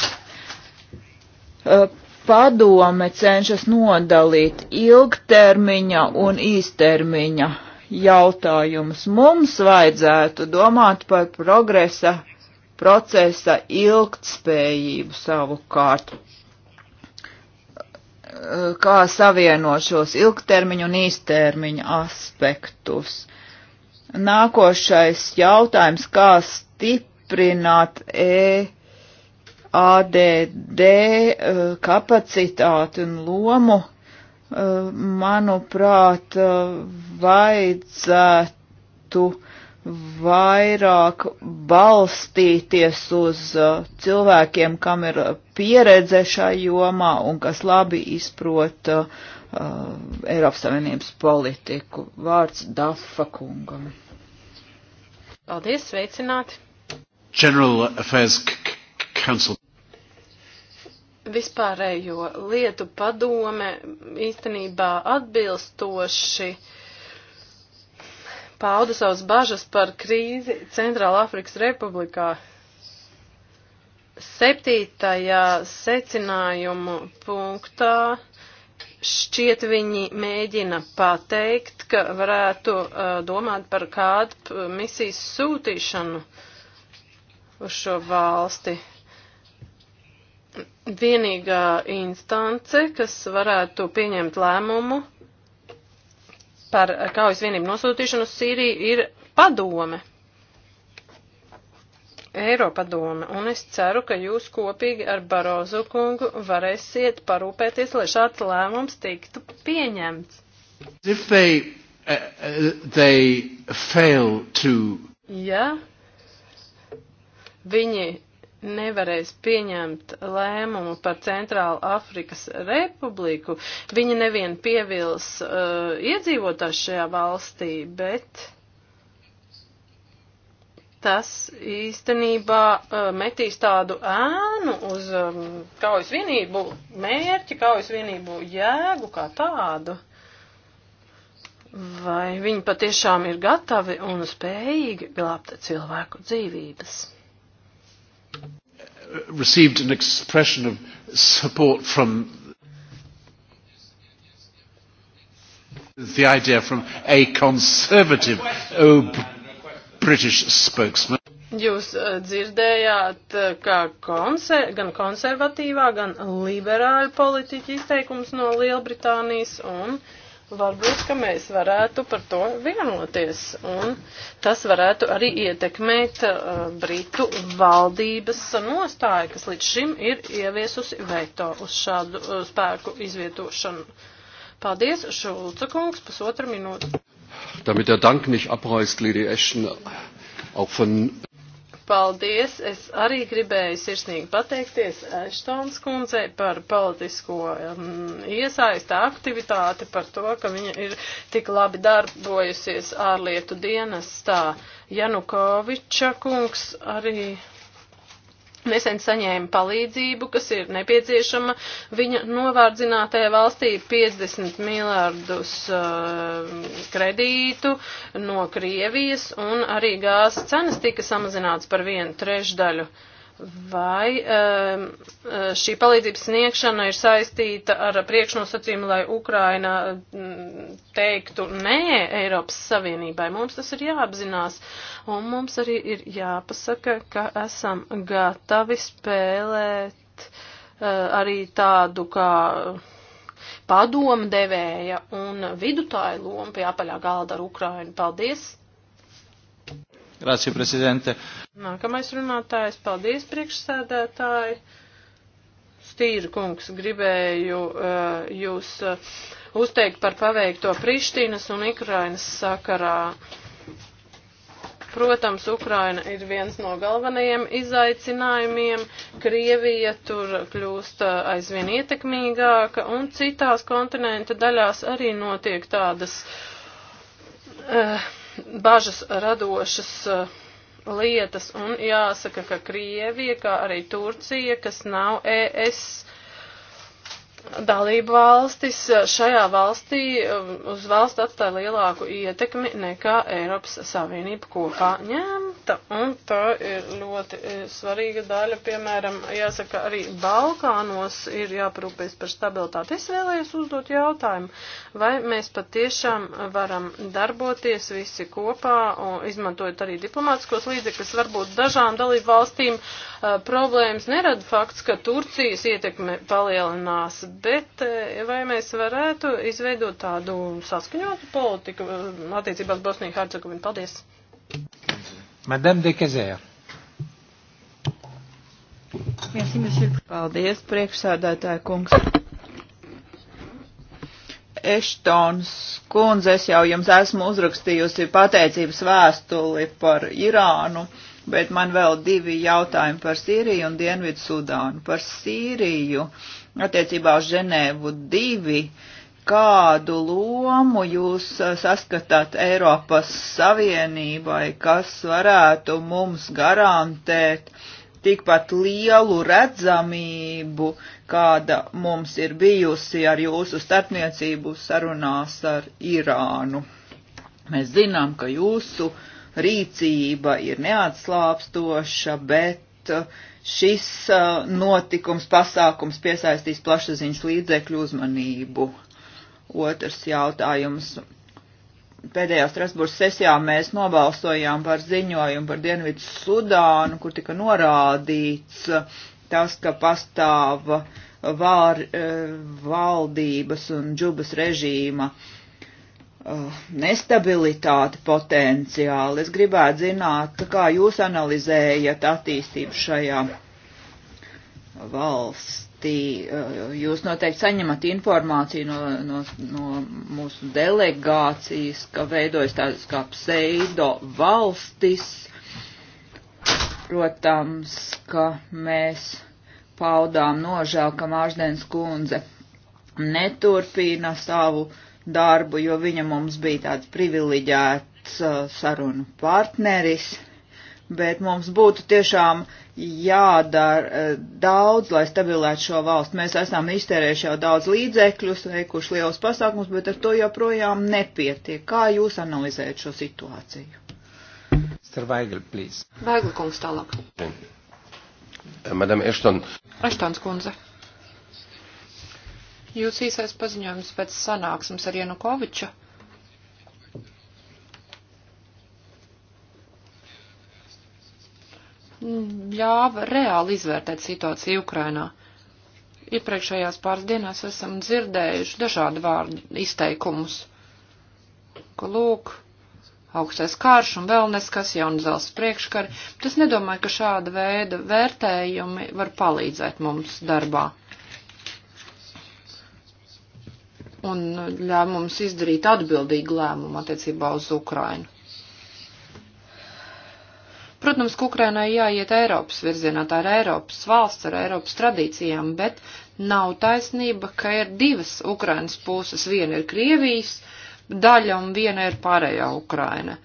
padome cenšas nodalīt ilgtermiņa un īstermiņa jautājumus. Mums vajadzētu domāt par progresa procesa ilgtspējību savukārt kā savienot šos ilgtermiņu un īstermiņu aspektus. Nākošais jautājums, kā stiprināt EADD eh, kapacitāti un lomu manuprāt, vajadzētu vairāk balstīties uz cilvēkiem, kam ir pieredze šai jomā un kas labi izprot uh, Eiropas Savienības politiku. Vārds Dafa kungam. Paldies, sveicināti. General Affairs Council vispārējo lietu padome īstenībā atbilstoši pauda savas bažas par krīzi Centrāla Afrikas Republikā. Septītajā secinājumu punktā šķiet viņi mēģina pateikt, ka varētu uh, domāt par kādu misijas sūtīšanu uz šo valsti. Uh, vienīgā instance, kas varētu pieņemt lēmumu par kaujas vienību nosūtīšanu uz Sīriju, ir padome. Eiropadome, un es ceru, ka jūs kopīgi ar Barozu kungu varēsiet parūpēties, lai šāds lēmums tiktu pieņemts. They, uh, uh they to... Ja viņi nevarēs pieņemt lēmumu par Centrālu Afrikas Republiku, viņi nevien pievils uh, iedzīvotājs šajā valstī, bet tas īstenībā uh, metīs tādu ēnu uz um, kaujas vienību mērķi, kaujas vienību jēgu kā tādu. Vai viņi patiešām ir gatavi un spējīgi glābt cilvēku dzīvības? received an expression of support from the idea from a conservative oh, British spokesman. Jūs uh, dzirdējāt, uh, kā konser gan konservatīvā, gan liberāļu politiķa izteikums no Lielbritānijas un uh, Varbūt, ka mēs varētu par to vienoties, un tas varētu arī ietekmēt uh, Britu valdības nostāju, kas līdz šim ir ieviesusi veto uz šādu uh, spēku izvietošanu. Paldies, Šulca kungs, pusotra minūte. Damit der Dank nicht abreißt, Lady Ashton, auch von Paldies! Es arī gribēju sirsnīgi pateikties Eštons kundzei par politisko um, iesaista aktivitāti, par to, ka viņa ir tik labi darbojusies ārlietu dienestā. Janukoviča kungs arī nesen saņēma palīdzību, kas ir nepieciešama viņa novārdzinātajai valstī 50 miljārdus uh, eh, kredītu no Krievijas, un arī gāzes cenas tika samazināts par vienu trešdaļu. Uh, Vai ehm, šī palīdzības sniegšana ir saistīta ar priekšnosacījumu, lai Ukraina mm, teiktu nē Eiropas Savienībai? Mums tas ir jāapzinās, un mums arī ir jāpasaka, ka esam gatavi spēlēt eh, arī tādu kā padomdevēja un vidutāju lomu pie apaļā galda ar Ukrainu. Paldies! Grācija, prezidente. Nākamais runātājs, paldies priekšsēdētāji. Stīra kungs, gribēju uh, jūs uh, uzteikt par paveikto Prištīnas un Ukrainas sakarā. Protams, Ukraina ir viens no galvenajiem izaicinājumiem, Krievija tur kļūst eh, aizvien ietekmīgāka, un citās kontinenta daļās arī notiek tādas. Uh, bažas radošas eh, lietas. Un jāsaka, ka Krievija, kā arī Turcija, kas nav ES dalību valstis šajā valstī um, uz valsts atstāja lielāku ietekmi nekā Eiropas Savienība kopā ņemta. Un tā ir ļoti eh, svarīga daļa. Piemēram, jāsaka, arī Balkānos ir jāprūpēs par stabilitāti. Es vēlējos uzdot jautājumu, vai mēs patiešām varam darboties visi kopā, izmantojot arī diplomātiskos līdzekļus, varbūt dažām dalību valstīm. Uh, problēmas nerada fakts, ka Turcijas ietekme palielinās, bet vai mēs varētu izveidot tādu saskaņotu politiku attiecībās Bosniju Hercegovinu? Paldies! Madame de Kazēra. Merci, monsieur. Paldies, priekšsādātāja kungs. Eštons kundze, es jau jums esmu uzrakstījusi pateicības vēstuli par Irānu. Uh, bet man vēl divi jautājumi par Sīriju un Dienvidu Sudānu. Par Sīriju attiecībā uz Ženēvu divi. Kādu lomu jūs uh, saskatāt Eiropas Savienībai, kas varētu mums garantēt tikpat lielu redzamību, kāda mums ir bijusi ar jūsu starpniecību sarunās ar Irānu? Mēs zinām, ka jūsu uh, rīcība ir neatslāpstoša, bet uh, šis uh, notikums, pasākums piesaistīs plašsaziņas līdzekļu uzmanību. Otrs jautājums. Pēdējā Strasbūras sesijā mēs nobalsojām par ziņojumu par Dienvidu Sudānu, kur tika norādīts uh, tas, ka pastāv vār, valdības un džubas režīma uh, Eh, nestabilitāti potenciāli. Es gribētu zināt, kā jūs analizējat attīstību šajā valstī. Eh, jūs noteikti saņemat informāciju no, no, no mūsu delegācijas, ka veidojas tādas kā pseido valstis. Protams, ka mēs paudām nožēlu, ka Mārsdēns kundze neturpina savu uh, darbu, jo viņa mums bija tāds privileģēts uh, sarunu partneris, bet mums būtu tiešām jādara uh, daudz, lai stabilētu šo valstu. Mēs esam iztērējuši jau daudz līdzekļus, veikuši lielus pasākumus, bet ar to joprojām nepietiek. Kā jūs analizējat šo situāciju? Mr. Weigl, please. Weigl kungs tālāk. Madam Ešton. Eštons kundze. Jūs īsais paziņojums pēc sanāksmes ar Janukoviču. ļāva reāli izvērtēt situāciju Ukrainā. Iepriekšējās pāris dienās esam dzirdējuši dažādu vārdu izteikumus, ka lūk, augstais karš un vēl neskas jaunzēls priekškari, bet es nedomāju, ka šāda veida vērtējumi var palīdzēt mums darbā. un ļāva mums izdarīt atbildīgu lēmumu attiecībā uz Ukrainu. Protams, ka Ukrainai jāiet Eiropas virzienā, tā ir Eiropas valsts ar Eiropas tradīcijām, bet nav taisnība, ka ir divas Ukrainas puses. Viena ir Krievijas daļa un viena ir pārējā Ukraina.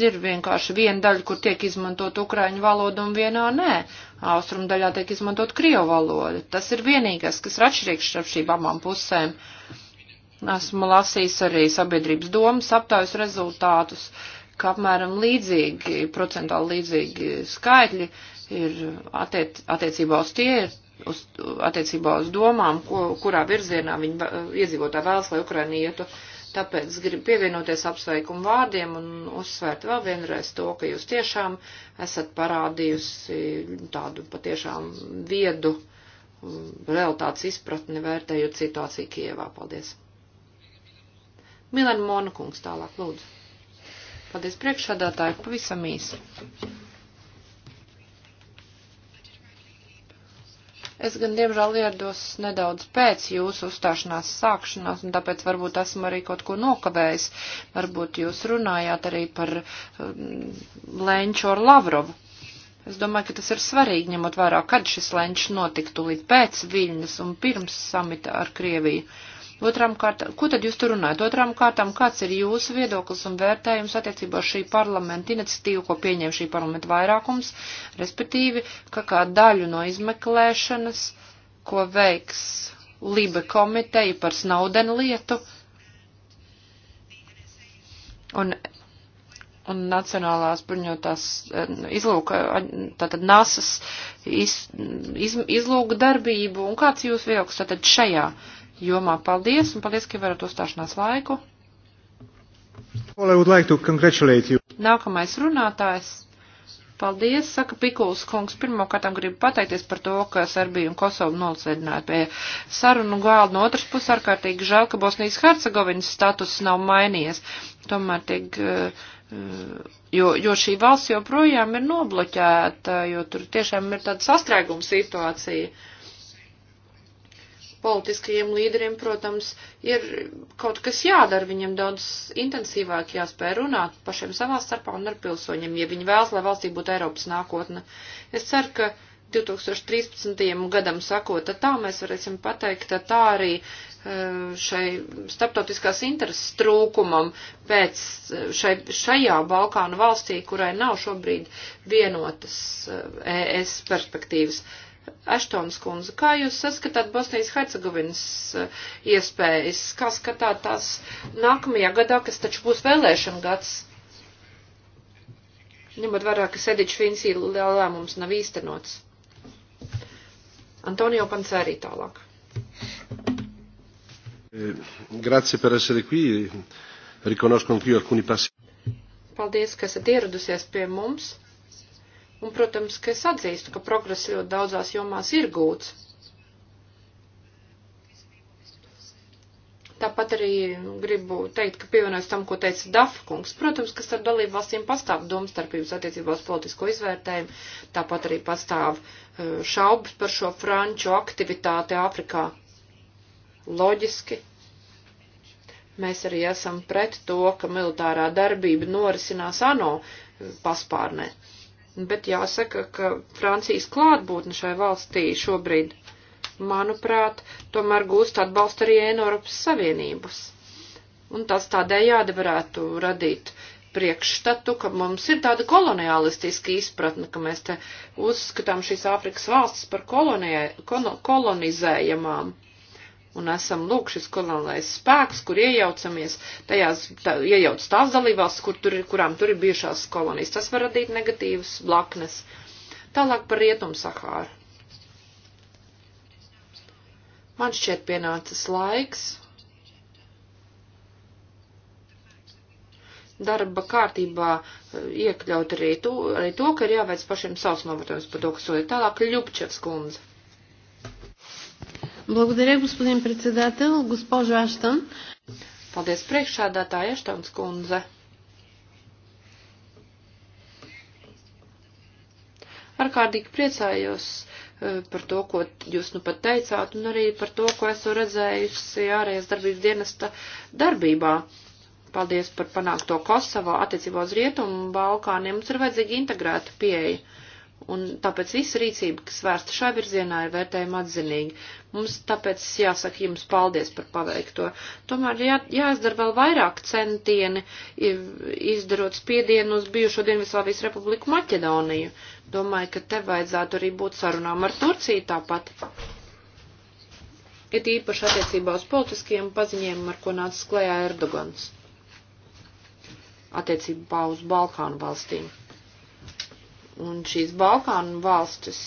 ir vienkārši viena daļa, kur tiek izmantot ukraiņu valodu un vienā nē. Austrum daļā tiek izmantot krievu valoda. Tas ir vienīgais, kas ir atšķirīgs starp šīm abām pusēm. Esmu lasījis arī sabiedrības domas aptaujas rezultātus, ka apmēram līdzīgi, procentāli līdzīgi skaitļi ir attiec, attiecībā uz tie, uz, attiecībā uz domām, ko, kurā virzienā viņi iedzīvotāji vēlas, lai Ukraina ietu. Uh, Tāpēc gribu pievienoties apsveikumu vārdiem un uzsvērt vēl vienreiz to, ka jūs tiešām esat parādījusi tādu patiešām viedu mm, realitātes izpratni vērtējot situāciju Kievā. Paldies! Milan Monakungs tālāk lūdzu. Paldies priekšādātāji, pavisam īsi. Es gan, diemžēl, ierados nedaudz pēc jūsu uzstāšanās sākšanās, un tāpēc varbūt esmu arī kaut ko nokavējis. Varbūt jūs runājāt arī par um, Lenču ar Lavrovu. Es domāju, ka tas ir svarīgi, ņemot vērā, kad šis Lenčs notiktu līdz pēc Viļņas un pirms samita ar Krieviju. Uh, Otrām kārtām, ko tad jūs tur runājat? Otrām kārtām, kāds ir jūsu viedoklis un vērtējums attiecībā ar šī parlamenta iniciatīvu, ko pieņem šī parlamenta vairākums, respektīvi, ka kā daļu no izmeklēšanas, ko veiks Libe komiteja par Snaudenu lietu un un Nacionālās bruņotās eh, izlūka, tātad NASAS iz, iz, izlūka darbību, un kāds jūs viedoklis tātad šajā jomā. Paldies, un paldies, ka varat uzstāšanās laiku. Well, like Nākamais runātājs. Paldies, saka Pikuls kungs. Pirmkārtām gribu pateikties par to, ka Serbija un Kosova nolasēdināja pie sarunu galda. No otras puses, ārkārtīgi žēl, ka Bosnijas Hercegovinas status nav mainījies. Tomēr tiek. Eh, eh, jo, jo šī valsts joprojām ir nobloķēta, jo tur tiešām ir tāda sastrēguma situācija. Uh, politiskajiem līderiem, protams, ir kaut kas jādara, viņiem daudz intensīvāk jāspēj runāt pašiem savā starpā un ar pilsoņiem, ja viņi vēlas, lai valstī būtu Eiropas nākotne. Es ceru, ka 2013. gadam sakot, tā mēs varēsim pateikt, tā arī eh, šai starptautiskās intereses trūkumam pēc eh, šai, šajā Balkānu valstī, kurai nav šobrīd vienotas ES eh, e perspektīvas. Aštons kundze, kā jūs saskatāt Bosnijas Hercegovinas eh, iespējas, kā skatāt tās nākamajā gadā, kas taču būs vēlēšana gads? Ņemot vērā, ka Sediča Finsī lēmums nav īstenots. Antonio Pancēri tālāk. Eh, grazie per essere qui. Riconosco anch'io alcuni passi. Paldies, ka esat ieradusies pie mums. Un, protams, ka es atzīstu, ka progress ļoti daudzās jomās ir gūts. Tāpat arī gribu teikt, ka pievienojas tam, ko teica Dafkungs. Protams, ka starp dalību valstīm pastāv domstarpības attiecībā uz politisko izvērtējumu, tāpat arī pastāv e, šaubas par šo franču aktivitāti Āfrikā. Loģiski, mēs arī esam pret to, ka militārā darbība norisinās ANO paspārnē bet jāsaka, ka Francijas klātbūtne šai valstī šobrīd, manuprāt, tomēr gūst atbalstu arī Eiropas Savienības. Un tas tādējādi varētu radīt priekšstatu, ka mums ir tāda kolonialistiska izpratne, ka mēs te uzskatām šīs Āfrikas valstis par kolonijai, kolonizējamām. Un esam lūk šis kolonais spēks, kur iejaucamies, tajās, tā, iejauc tās dalībvalstis, kur tur, kurām tur ir bijušās kolonijas. Tas var radīt negatīvas blaknes. Tālāk par rietumu Sahāru. Man šķiet pienācis laiks darba kārtībā eh, iekļaut arī to, arī to ka ir jāveic pašiem savs novērtējums par to, kas ir tālāk Ļupčevs kundze. Благодаря, господин председател. Госпожо Аштън. Paldies priekšādātāja Aštons kundze. Arkārtīgi priecājos e, par to, ko jūs nu pat teicāt, un arī par to, ko esmu redzējusi ārējās darbības dienesta darbībā. Paldies par panākto Kosovā attiecībā uz Rietumu Balkāniem. Mums ir vajadzīga integrēta pieeja Un tāpēc visa rīcība, kas vērsta šai virzienā, ir vērtējama atzinīgi. Mums tāpēc jāsaka jums paldies par paveikto. Tomēr jā, jāizdara vēl vairāk centieni, izdarot spiedienu uz bijušo Dienvidslāvijas republiku Maķedoniju. Domāju, ka te vajadzētu arī būt sarunām ar Turciju tāpat. Ir īpaši attiecībā uz politiskajiem paziņiem, ar ko nāca sklējā Erdogans attiecībā uz Balkānu valstīm. Un šīs Balkānu valstis,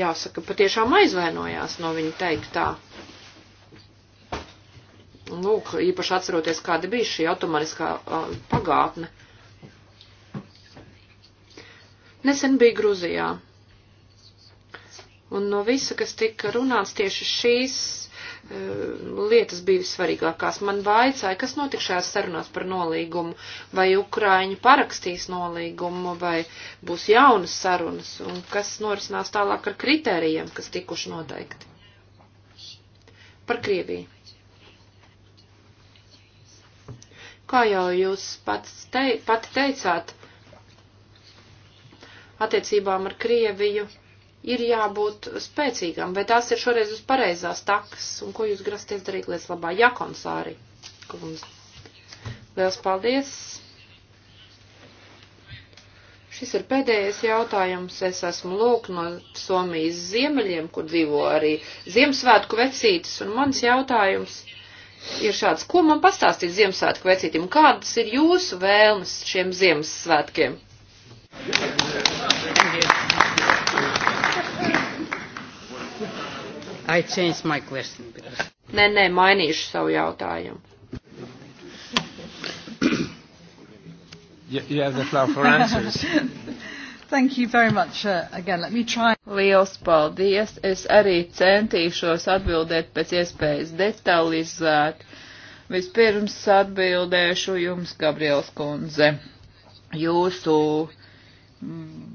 jāsaka, patiešām aizvainojās no viņa teiktā. Lūk, īpaši atceroties, kāda bija šī otomaniskā uh, pagātne. Nesen bija Gruzijā. Un no visa, kas tika runāts tieši šīs Eh, lietas bija svarīgākās. Man vaicāja, kas notiks šajās sarunās par nolīgumu, vai Ukraiņi parakstīs nolīgumu, vai būs jaunas sarunas, un kas norisinās tālāk ar kritērijiem, kas tikuši noteikti. Par Krieviju. Kā jau jūs pats te, pati teicāt, attiecībām ar Krieviju ir jābūt spēcīgam, vai tās ir šoreiz uz pareizās takas, un ko jūs grasties darīt lietas labā? Jakons arī, kundze. Liels paldies! Šis ir pēdējais jautājums. Es esmu lūk no Somijas ziemeļiem, kur dzīvo arī Ziemassvētku vecītis, un mans jautājums ir šāds. Ko man pastāstīt Ziemassvētku vecītim? Kādas ir jūsu vēlmes šiem Ziemassvētkiem? Yeah, yeah. I changed my question. Because... Nē, nē, mainīšu savu jautājumu. you, you have the floor for answers. Thank you very much. Uh, again, let me try. Liels paldies. Es arī centīšos atbildēt pēc iespējas detalizēt. Vispirms atbildēšu jums, Gabriels kundze, jūsu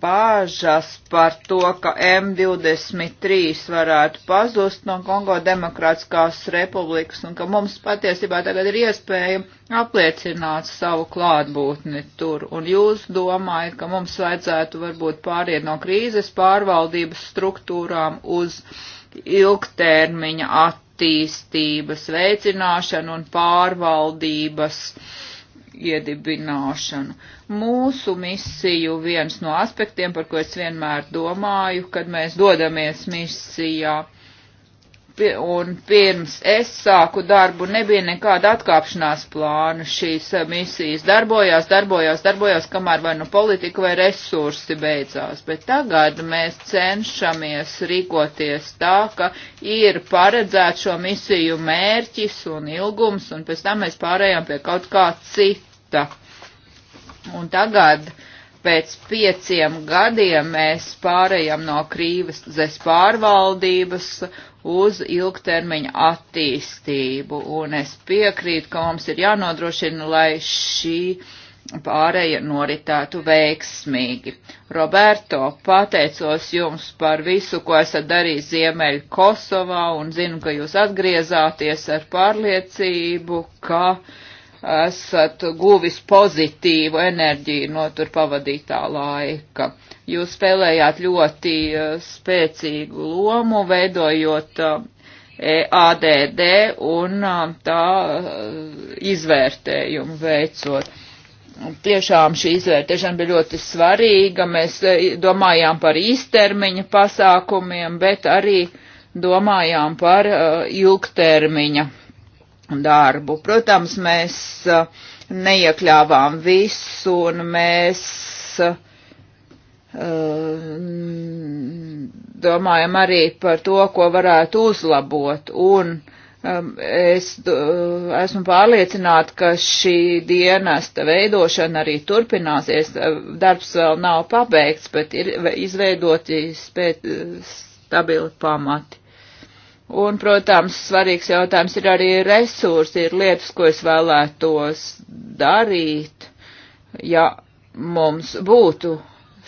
bāžas par to, ka M23 varētu pazust no Kongo Demokrātiskās republikas un ka mums patiesībā tagad ir iespēja apliecināt savu klātbūtni tur. Un jūs domājat, ka mums vajadzētu varbūt pāriet no krīzes pārvaldības struktūrām uz ilgtermiņa attīstības veicināšanu un pārvaldības uh, iedibināšanu. Mūsu misiju viens no aspektiem, par ko es vienmēr domāju, kad mēs dodamies misijā, un pirms es sāku darbu, nebija nekāda atkāpšanās plāna. Šīs misijas darbojās, darbojās, darbojās, kamēr vai nu politika vai resursi beidzās. Bet tagad mēs cenšamies rīkoties tā, ka ir paredzēts šo misiju mērķis un ilgums, un pēc tam mēs pārējām pie kaut kā cita lieta. Un tagad pēc pieciem gadiem mēs pārējām no krīzes pārvaldības uz ilgtermiņa attīstību. Un es piekrītu, ka mums ir jānodrošina, lai šī pārēja noritētu veiksmīgi. Roberto, pateicos jums par visu, ko esat darījis Ziemeļ Kosovā un zinu, ka jūs atgriezāties ar pārliecību, ka uh, esat guvis pozitīvu enerģiju no tur pavadītā laika. Jūs spēlējāt ļoti e, spēcīgu lomu, veidojot e, ADD un e, tā izvērtējumu veicot. Tiešām šī izvērtēšana bija ļoti svarīga. Mēs domājām par īstermiņa pasākumiem, bet arī domājām par ilgtermiņa darbu. Protams, mēs uh, neiekļāvām visu un mēs uh, domājam arī par to, ko varētu uzlabot. Un um, es uh, esmu pārliecināta, ka šī dienesta veidošana arī turpināsies. Darbs vēl nav pabeigts, bet ir izveidoti spēt, stabili pamati. Un, protams, svarīgs jautājums ir arī resursi, ir lietas, ko es vēlētos darīt, ja mums būtu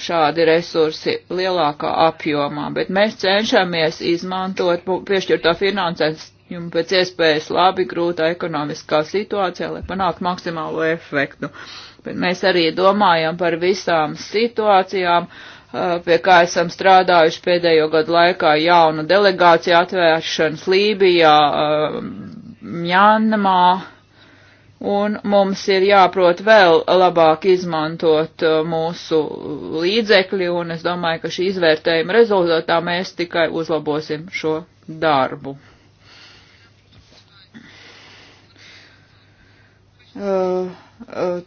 šādi resursi lielākā apjomā, bet mēs cenšamies izmantot piešķirto finansējumu pēc iespējas labi grūtā ekonomiskā situācijā, lai panāktu maksimālo efektu. Bet mēs arī domājam par visām situācijām, uh, Eh, pie kā esam strādājuši pēdējo gadu laikā jaunu delegāciju atvēršanas Lībijā, eh, Mjanmā, un mums ir jāprot vēl labāk izmantot eh, mūsu līdzekļi, un es domāju, ka šī izvērtējuma rezultātā mēs tikai uzlabosim šo darbu.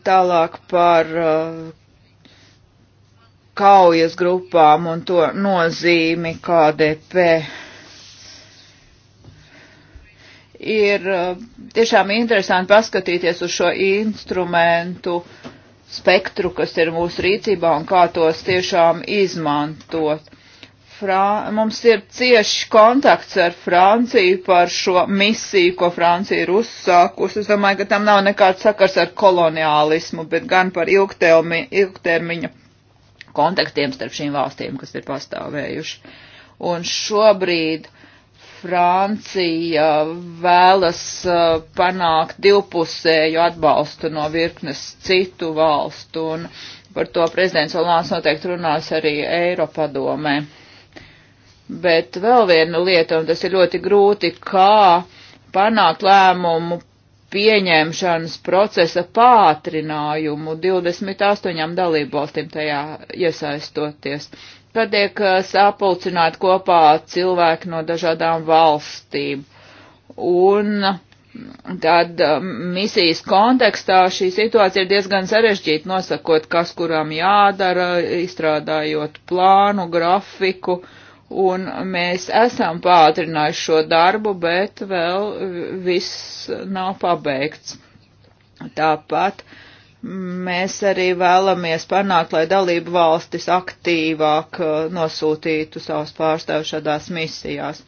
Tālāk par kaujas grupām un to nozīmi KDP. Ir eh, tiešām interesanti paskatīties uz šo instrumentu spektru, kas ir mūsu rīcībā un kā tos tiešām izmantot. Frā, mums ir cieši kontakts ar Franciju par šo misiju, ko Francija ir uzsākusi. Es domāju, ka tam nav nekāds sakars ar koloniālismu, bet gan par ilgtermi, ilgtermiņa kontaktiem starp šīm valstīm, kas ir pastāvējuši. Un šobrīd Francija vēlas uh, panākt divpusēju atbalstu no virknes citu valstu, un par to prezidents Olāns noteikti runās arī Eiropadomē. Bet vēl viena lieta, un tas ir ļoti grūti, kā panākt lēmumu pieņemšanas procesa pātrinājumu 28 dalību valstīm tajā iesaistoties, kad tiek eh, sapulcināt kopā cilvēki no dažādām valstīm. Un tad eh, misijas kontekstā šī situācija ir diezgan sarežģīta, nosakot, kas kurām jādara, izstrādājot plānu, grafiku. Uh, un mēs esam pātrinājuši šo darbu, bet vēl viss nav pabeigts. Tāpat mēs arī vēlamies panākt, lai dalību valstis aktīvāk uh, nosūtītu savus pārstāvus šādās misijās.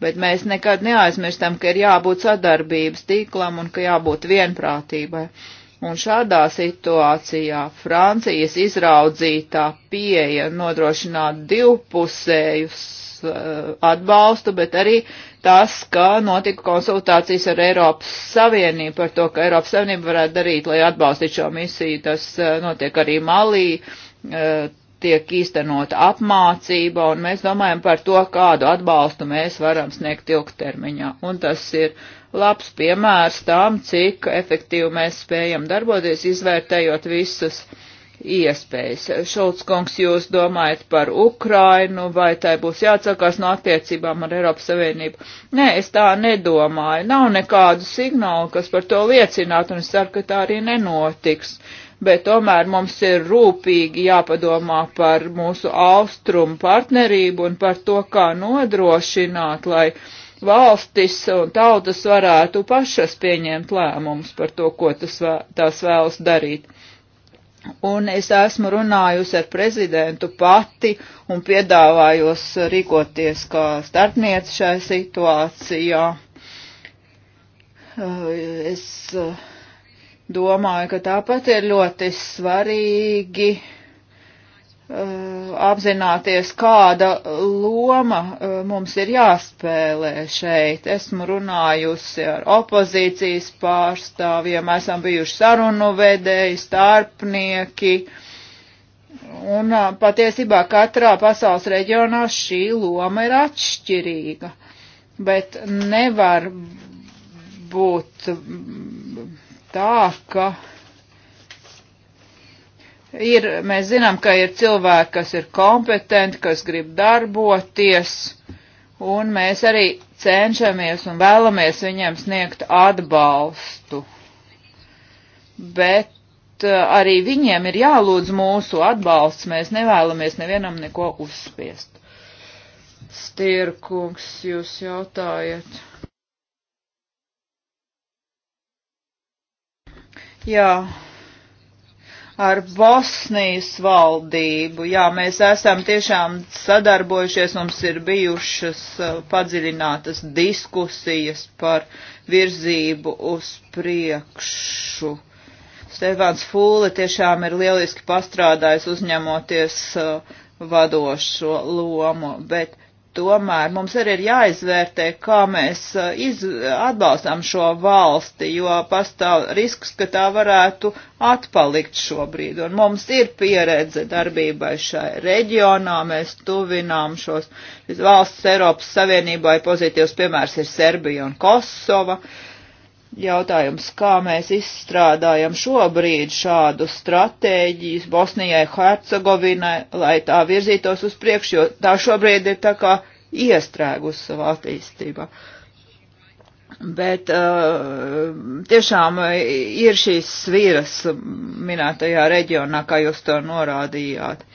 Bet mēs nekad neaizmirstam, ka ir jābūt sadarbības tīklam un ka jābūt vienprātībai. Uh, Un šādā situācijā Francijas izraudzītā pieeja nodrošināt divpusējus uh, eh, atbalstu, bet arī tas, ka notika konsultācijas ar Eiropas Savienību par to, ka Eiropas Savienība varētu darīt, lai atbalstītu šo misiju, tas uh, notiek arī Malī, uh, tiek īstenota apmācība, un mēs domājam par to, kādu atbalstu mēs varam sniegt ilgtermiņā. Un tas ir uh, labs piemērs tām, cik efektīvi mēs spējam darboties, izvērtējot visas iespējas. Šulc kungs, jūs domājat par Ukrainu, vai tai būs jāatsakās no attiecībām ar Eiropas Savienību? Nē, es tā nedomāju. Nav nekādu signālu, kas par to liecinātu, un es ceru, ka tā arī nenotiks. Bet tomēr mums ir rūpīgi jāpadomā par mūsu austrumu partnerību un par to, kā nodrošināt, lai uh, valstis un tautas varētu pašas pieņemt lēmumus par to, ko tas vēl, tās vēlas darīt. Un es esmu runājusi ar prezidentu pati un piedāvājos rīkoties kā starpniece šai situācijā. Uh, es uh, domāju, ka tāpat ir ļoti svarīgi Eh, apzināties, kāda loma eh, mums ir jāspēlē šeit. Esmu runājusi ar opozīcijas pārstāvjiem, esam bijuši sarunu vedēji, starpnieki. Un eh, patiesībā katrā pasaules reģionā šī loma ir atšķirīga, bet nevar būt mm, tā, ka Ir, mēs zinām, ka ir cilvēki, kas ir kompetenti, kas grib darboties, un mēs arī cenšamies un vēlamies viņiem sniegt atbalstu. Bet uh, arī viņiem ir jālūdz mūsu atbalsts, mēs nevēlamies nevienam neko uzspiest. Stierkungs, jūs jautājat. Jā ar Bosnijas valdību. Jā, mēs esam tiešām sadarbojušies, mums ir bijušas eh, padziļinātas diskusijas par virzību uz priekšu. Stefāns Fūle tiešām ir lieliski pastrādājis uzņemoties eh, vadošo lomu, bet tomēr mums arī ir jāizvērtē, kā mēs uh, iz, atbalstām šo valsti, jo pastāv risks, ka tā varētu atpalikt šobrīd. Un mums ir pieredze darbībai šai reģionā, mēs tuvinām šos valsts Eiropas Savienībai, pozitīvs piemērs ir Serbija un Kosova. Uh, Jautājums, kā mēs izstrādājam šobrīd šādu stratēģiju Bosnijai, Hercegovinai, lai tā virzītos uz priekšu, jo tā šobrīd ir tā kā iestrēgus savā attīstībā. Bet uh, tiešām ir šīs svīras minētajā reģionā, kā jūs to norādījāt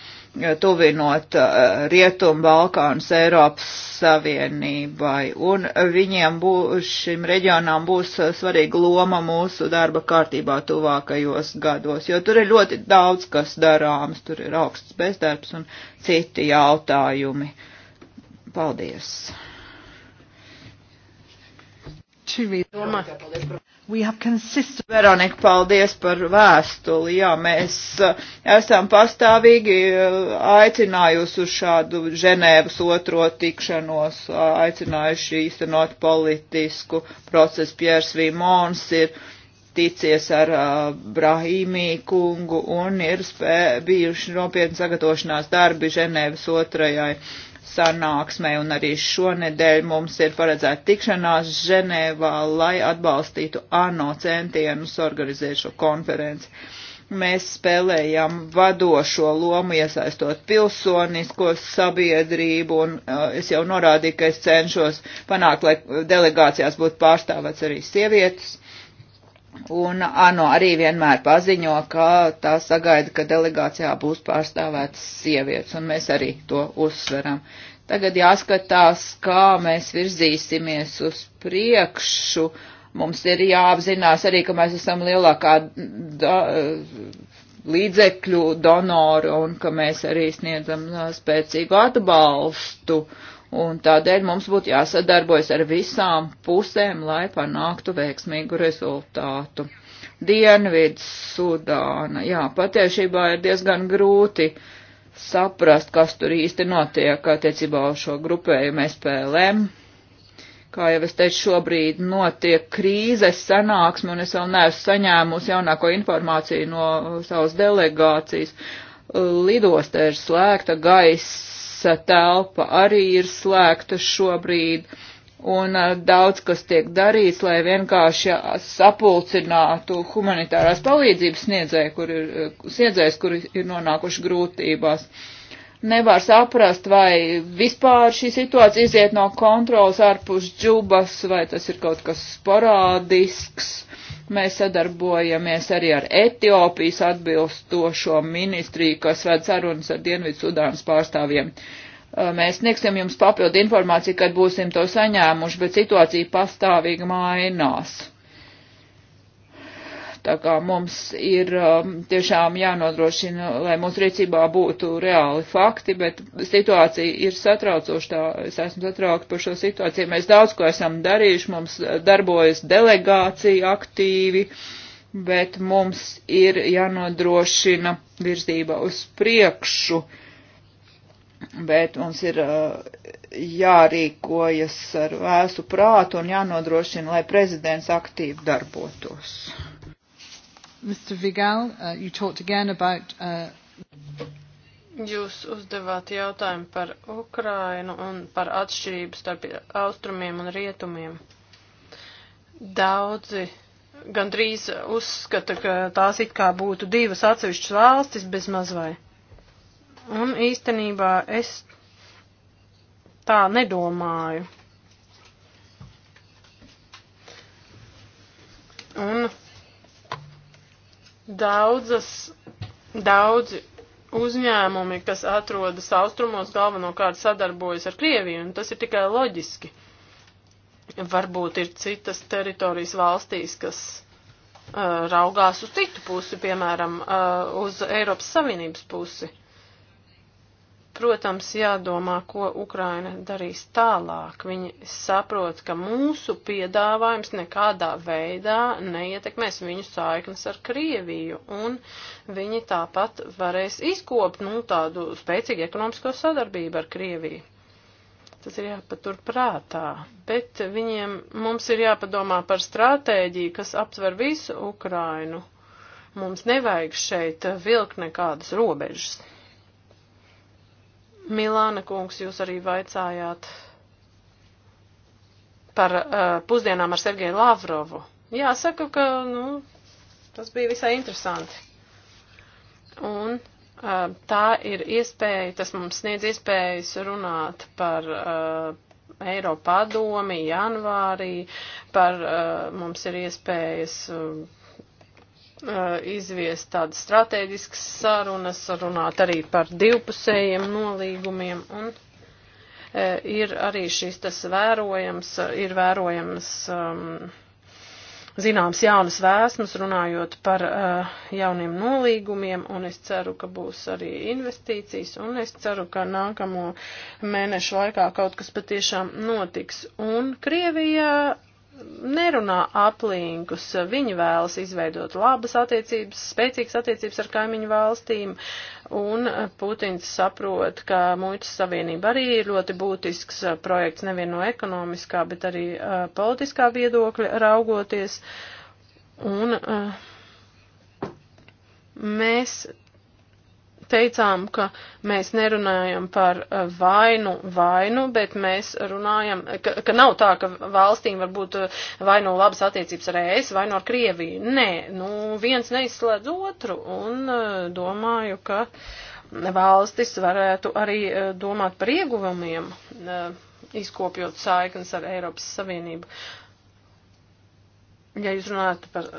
tuvinot uh, Rietumu Balkānus Eiropas Savienībai, un viņiem bū, šim reģionām būs uh, svarīga loma mūsu darba kārtībā tuvākajos gados, jo tur ir ļoti daudz kas darāms, tur ir augsts bezdarbs un citi jautājumi. Paldies! Consistent... Veronika, paldies par vēstuli. Jā, mēs uh, esam pastāvīgi uh, aicinājusi uz šādu Ženēvas otro tikšanos, uh, aicinājuši īstenot politisku procesu. Piers Vimons ir ticies ar Brahīmī kungu un ir spē, bijuši nopietni sagatavošanās darbi Ženēvas otrajai sanāksmē, un arī šonedēļ mums ir paredzēta tikšanās Ženēvā, lai atbalstītu ANO centienus organizēt šo konferenci. Mēs spēlējam vadošo lomu, iesaistot pilsonisko sabiedrību, un uh, es jau norādīju, ka es cenšos panākt, lai delegācijās būtu pārstāvēts arī sievietes Un ANO arī vienmēr paziņo, ka tā sagaida, ka delegācijā būs pārstāvētas sievietes, un mēs arī to uzsveram. Tagad jāskatās, kā mēs virzīsimies uz priekšu. Mums ir jāapzinās arī, ka mēs esam lielākā da, līdzekļu donoru un ka mēs arī sniedzam spēcīgu atbalstu. Uh, un tādēļ mums būtu jāsadarbojas ar visām pusēm, lai panāktu veiksmīgu rezultātu. Dienvids Sudāna, jā, patiešībā ir diezgan grūti saprast, kas tur īsti notiek attiecībā uz šo grupējumu SPLM. Kā jau es teicu, šobrīd notiek krīzes sanāksme, un es vēl neesmu saņēmusi jaunāko informāciju no savas delegācijas. Lidosta ir slēgta, gaiss visa telpa arī ir slēgta šobrīd, un daudz kas tiek darīts, lai vienkārši sapulcinātu humanitārās palīdzības sniedzēju, kur ir, sniedzējs, kur ir nonākuši grūtībās. Nevar saprast, vai vispār šī situācija iziet no kontrolas ārpus džubas, vai tas ir kaut kas sporādisks Mēs sadarbojamies arī ar Etiopijas atbilstošo ministriju, kas ved sarunas ar Dienvidu Sudānas pārstāvjiem. Mēs sniegsim jums papildu informāciju, kad būsim to saņēmuši, bet situācija pastāvīgi mainās. Tā kā mums ir um, tiešām jānodrošina, lai mūsu rīcībā būtu reāli fakti, bet situācija ir satraucoša. Tā, es esmu satraukta par šo situāciju. Mēs daudz ko esam darījuši, mums darbojas delegācija aktīvi, bet mums ir jānodrošina virzība uz priekšu. Bet mums ir uh, jārīkojas ar vēsu prātu un jānodrošina, lai prezidents aktīvi darbotos. Mr. Vigal, uh, you talked again about. Uh... Jūs uzdevāt jautājumu par Ukrainu un par atšķirību starp austrumiem un rietumiem. Daudzi gandrīz uzskata, ka tās it kā būtu divas atsevišķas valstis bez mazvai. Un īstenībā es tā nedomāju. Un Daudzas, daudzi uzņēmumi, kas atrodas austrumos, galvenokārt sadarbojas ar Krieviju, un tas ir tikai loģiski. Varbūt ir citas teritorijas valstīs, kas uh, raugās uz citu pusi, piemēram, uh, uz Eiropas Savienības pusi. Uh, Protams, jādomā, ko Ukraina darīs tālāk. Viņi saprot, ka mūsu piedāvājums nekādā veidā neietekmēs viņu saiknes ar Krieviju, un viņi tāpat varēs izkopt, nu, tādu spēcīgu ekonomisko sadarbību ar Krieviju. Tas ir jāpatur prātā, bet viņiem mums ir jāpadomā par stratēģiju, kas aptver visu Ukrainu. Mums nevajag šeit vilkt nekādas robežas. Milāna kungs, jūs arī vaicājāt par uh, pusdienām ar Sergeju Lavrovu. Jāsaka, ka nu, tas bija visai interesanti. Un uh, tā ir iespēja, tas mums sniedz iespējas runāt par uh, Eiropadomi janvārī, par uh, mums ir iespējas uh, Uh, izviest tādas strateģiskas sarunas, runāt arī par divpusējiem nolīgumiem un uh, ir arī šis tas vērojams, ir vērojams um, zināms jaunas vēsmas runājot par uh, jauniem nolīgumiem un es ceru, ka būs arī investīcijas un es ceru, ka nākamo mēnešu laikā kaut kas patiešām notiks. Un Krievijā nerunā aplinkus. Viņi vēlas izveidot labas attiecības, spēcīgas attiecības ar kaimiņu valstīm, un Putins saprot, ka muitas savienība arī ir ļoti būtisks projekts nevien no ekonomiskā, bet arī uh, politiskā viedokļa raugoties. Un, uh, mēs teicām, ka mēs nerunājam par eh, vainu, vainu, bet mēs runājam, ka, ka nav tā, ka valstīm var būt eh, vai nu labas attiecības ar ES, vai nu ar Krieviju. Nē, nu viens neizslēdz otru un eh, domāju, ka valstis varētu arī domāt par ieguvumiem, izkopjot saiknes ar Eiropas Savienību. Ja jūs runājat par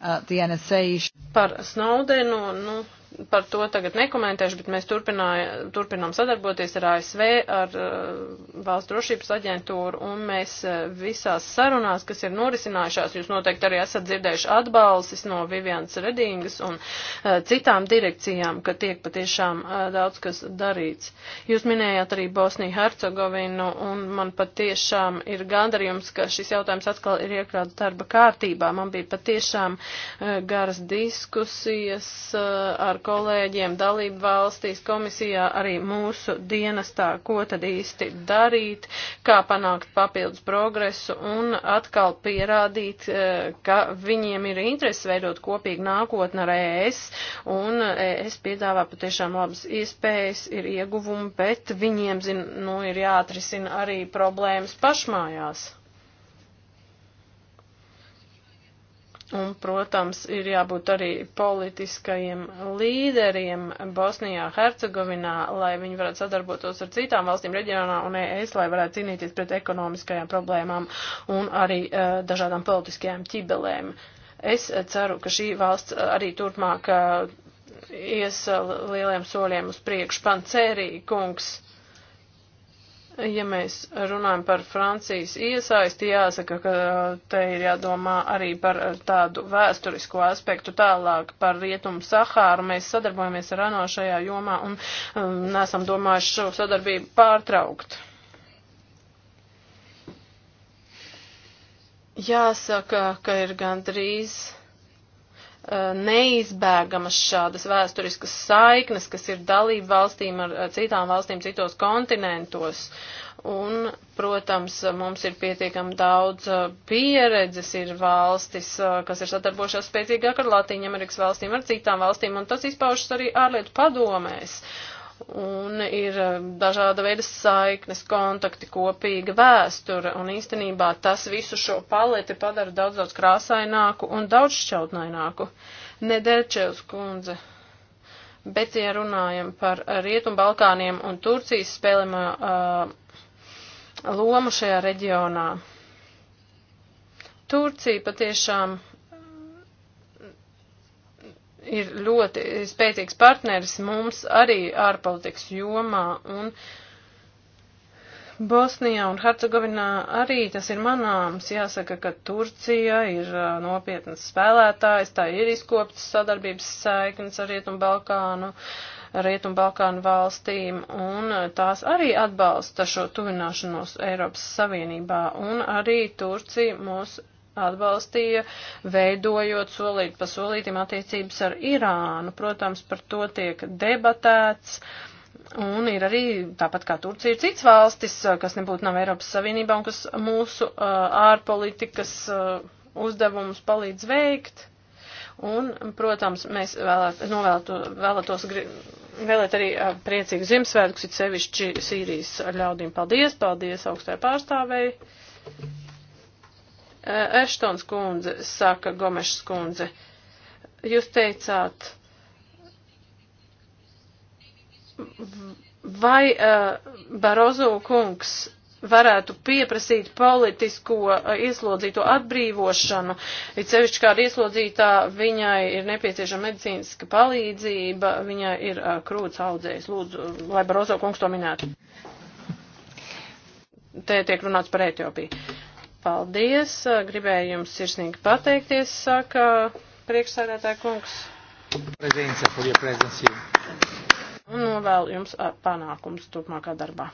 uh, the NSA. Par Snowdenu, nu, par to tagad nekomentēšu, bet mēs turpinām sadarboties ar ASV, ar uh, Valsts drošības aģentūru, un mēs uh, visās sarunās, kas ir norisinājušās, jūs noteikti arī esat dzirdējuši atbalsis no Vivianas Redingas un uh, citām direkcijām, ka tiek patiešām daudz kas darīts. Jūs minējāt arī Bosniju Hercegovinu, un man patiešām ir gandarījums, ka šis jautājums atkal ir iekļauts darba kārtībā. Man bija patiešām garas diskusijas ar ar kolēģiem dalību valstīs, komisijā, arī mūsu dienestā, ko tad īsti darīt, kā panākt papildus progresu un atkal pierādīt, eh, ka viņiem ir interesi veidot kopīgu nākotni ar ES, un ES eh, e piedāvā patiešām labas iespējas, ir ieguvumi, bet viņiem, zin, nu, ir jāatrisina arī problēmas pašmājās. Un, protams, ir jābūt arī politiskajiem līderiem Bosnijā, Hercegovinā, lai viņi varētu sadarbotos ar citām valstīm reģionā un ES, lai varētu cīnīties pret ekonomiskajām problēmām un arī uh, dažādām politiskajām ķibelēm. Es eh, ceru, ka šī valsts eh, arī turpmāk uh, ies lieliem soļiem uz priekšu. Pancerī, kungs! Ja mēs runājam par Francijas iesaisti, jāsaka, ka uh, te ir jādomā arī par uh, tādu vēsturisko aspektu tālāk par Rietumu Sahāru. Mēs sadarbojamies ar ANO šajā jomā un um, nesam domājuši šo sadarbību pārtraukt. Jāsaka, ka ir gandrīz Eh, neizbēgamas šādas vēsturiskas saiknes, kas ir dalība valstīm ar eh, citām valstīm citos kontinentos. Un, protams, mums ir pietiekami daudz eh, pieredzes, ir valstis, kas ir sadarbojušās spēcīgāk ar Latīņu Amerikas valstīm, ar citām valstīm, un tas izpaužas arī ārlietu padomēs un ir eh, dažāda veida saiknes, kontakti, kopīga vēsture, un īstenībā tas visu šo paleti padara daudz, daudz krāsaināku un daudz šķautnaināku. Nedēļčevs kundze. Bet, ja runājam par Rietumbalkāniem un Turcijas spēlēmā uh, eh, lomu šajā reģionā, Turcija patiešām ir ļoti spēcīgs partneris mums arī ārpolitikas jomā. Un Bosnijā un Hercegovinā arī tas ir manāms. Jāsaka, ka Turcija ir nopietnas spēlētājs, tā ir izkoptas sadarbības saiknes ar Rietumu Balkānu. Rietumu Balkānu valstīm, un tās arī atbalsta šo tuvināšanos Eiropas Savienībā, un arī Turcija mūs atbalstīja, veidojot solīt pa solītim attiecības ar Irānu. Protams, par to tiek debatēts. Un ir arī, tāpat kā Turcija, ir cits valstis, kas nebūtu nav Eiropas Savienībā un kas mūsu uh, ārpolitikas uh, uzdevumus palīdz veikt. Un, protams, mēs vēlēt, novēlētu, vēlētos vēlēt arī priecīgu Ziemassvētkus, it sevišķi Sīrijas ļaudīm. Paldies, paldies augstai pārstāvēji. Eštons eh, kundze, saka Gomešs kundze, jūs teicāt, vai uh, Barozo kungs varētu pieprasīt politisko eh, ieslodzīto atbrīvošanu. Ir sevišķi kāda ieslodzītā, viņai ir nepieciešama medicīniska palīdzība, viņai ir krūts audzējs. Lūdzu, lai Barozo kungs to minētu. Te tiek runāts par Etiopiju. Paldies, gribēju jums sirsnīgi pateikties, saka priekšsēdētāja kungs. Un novēlu jums panākums turpmākā darbā.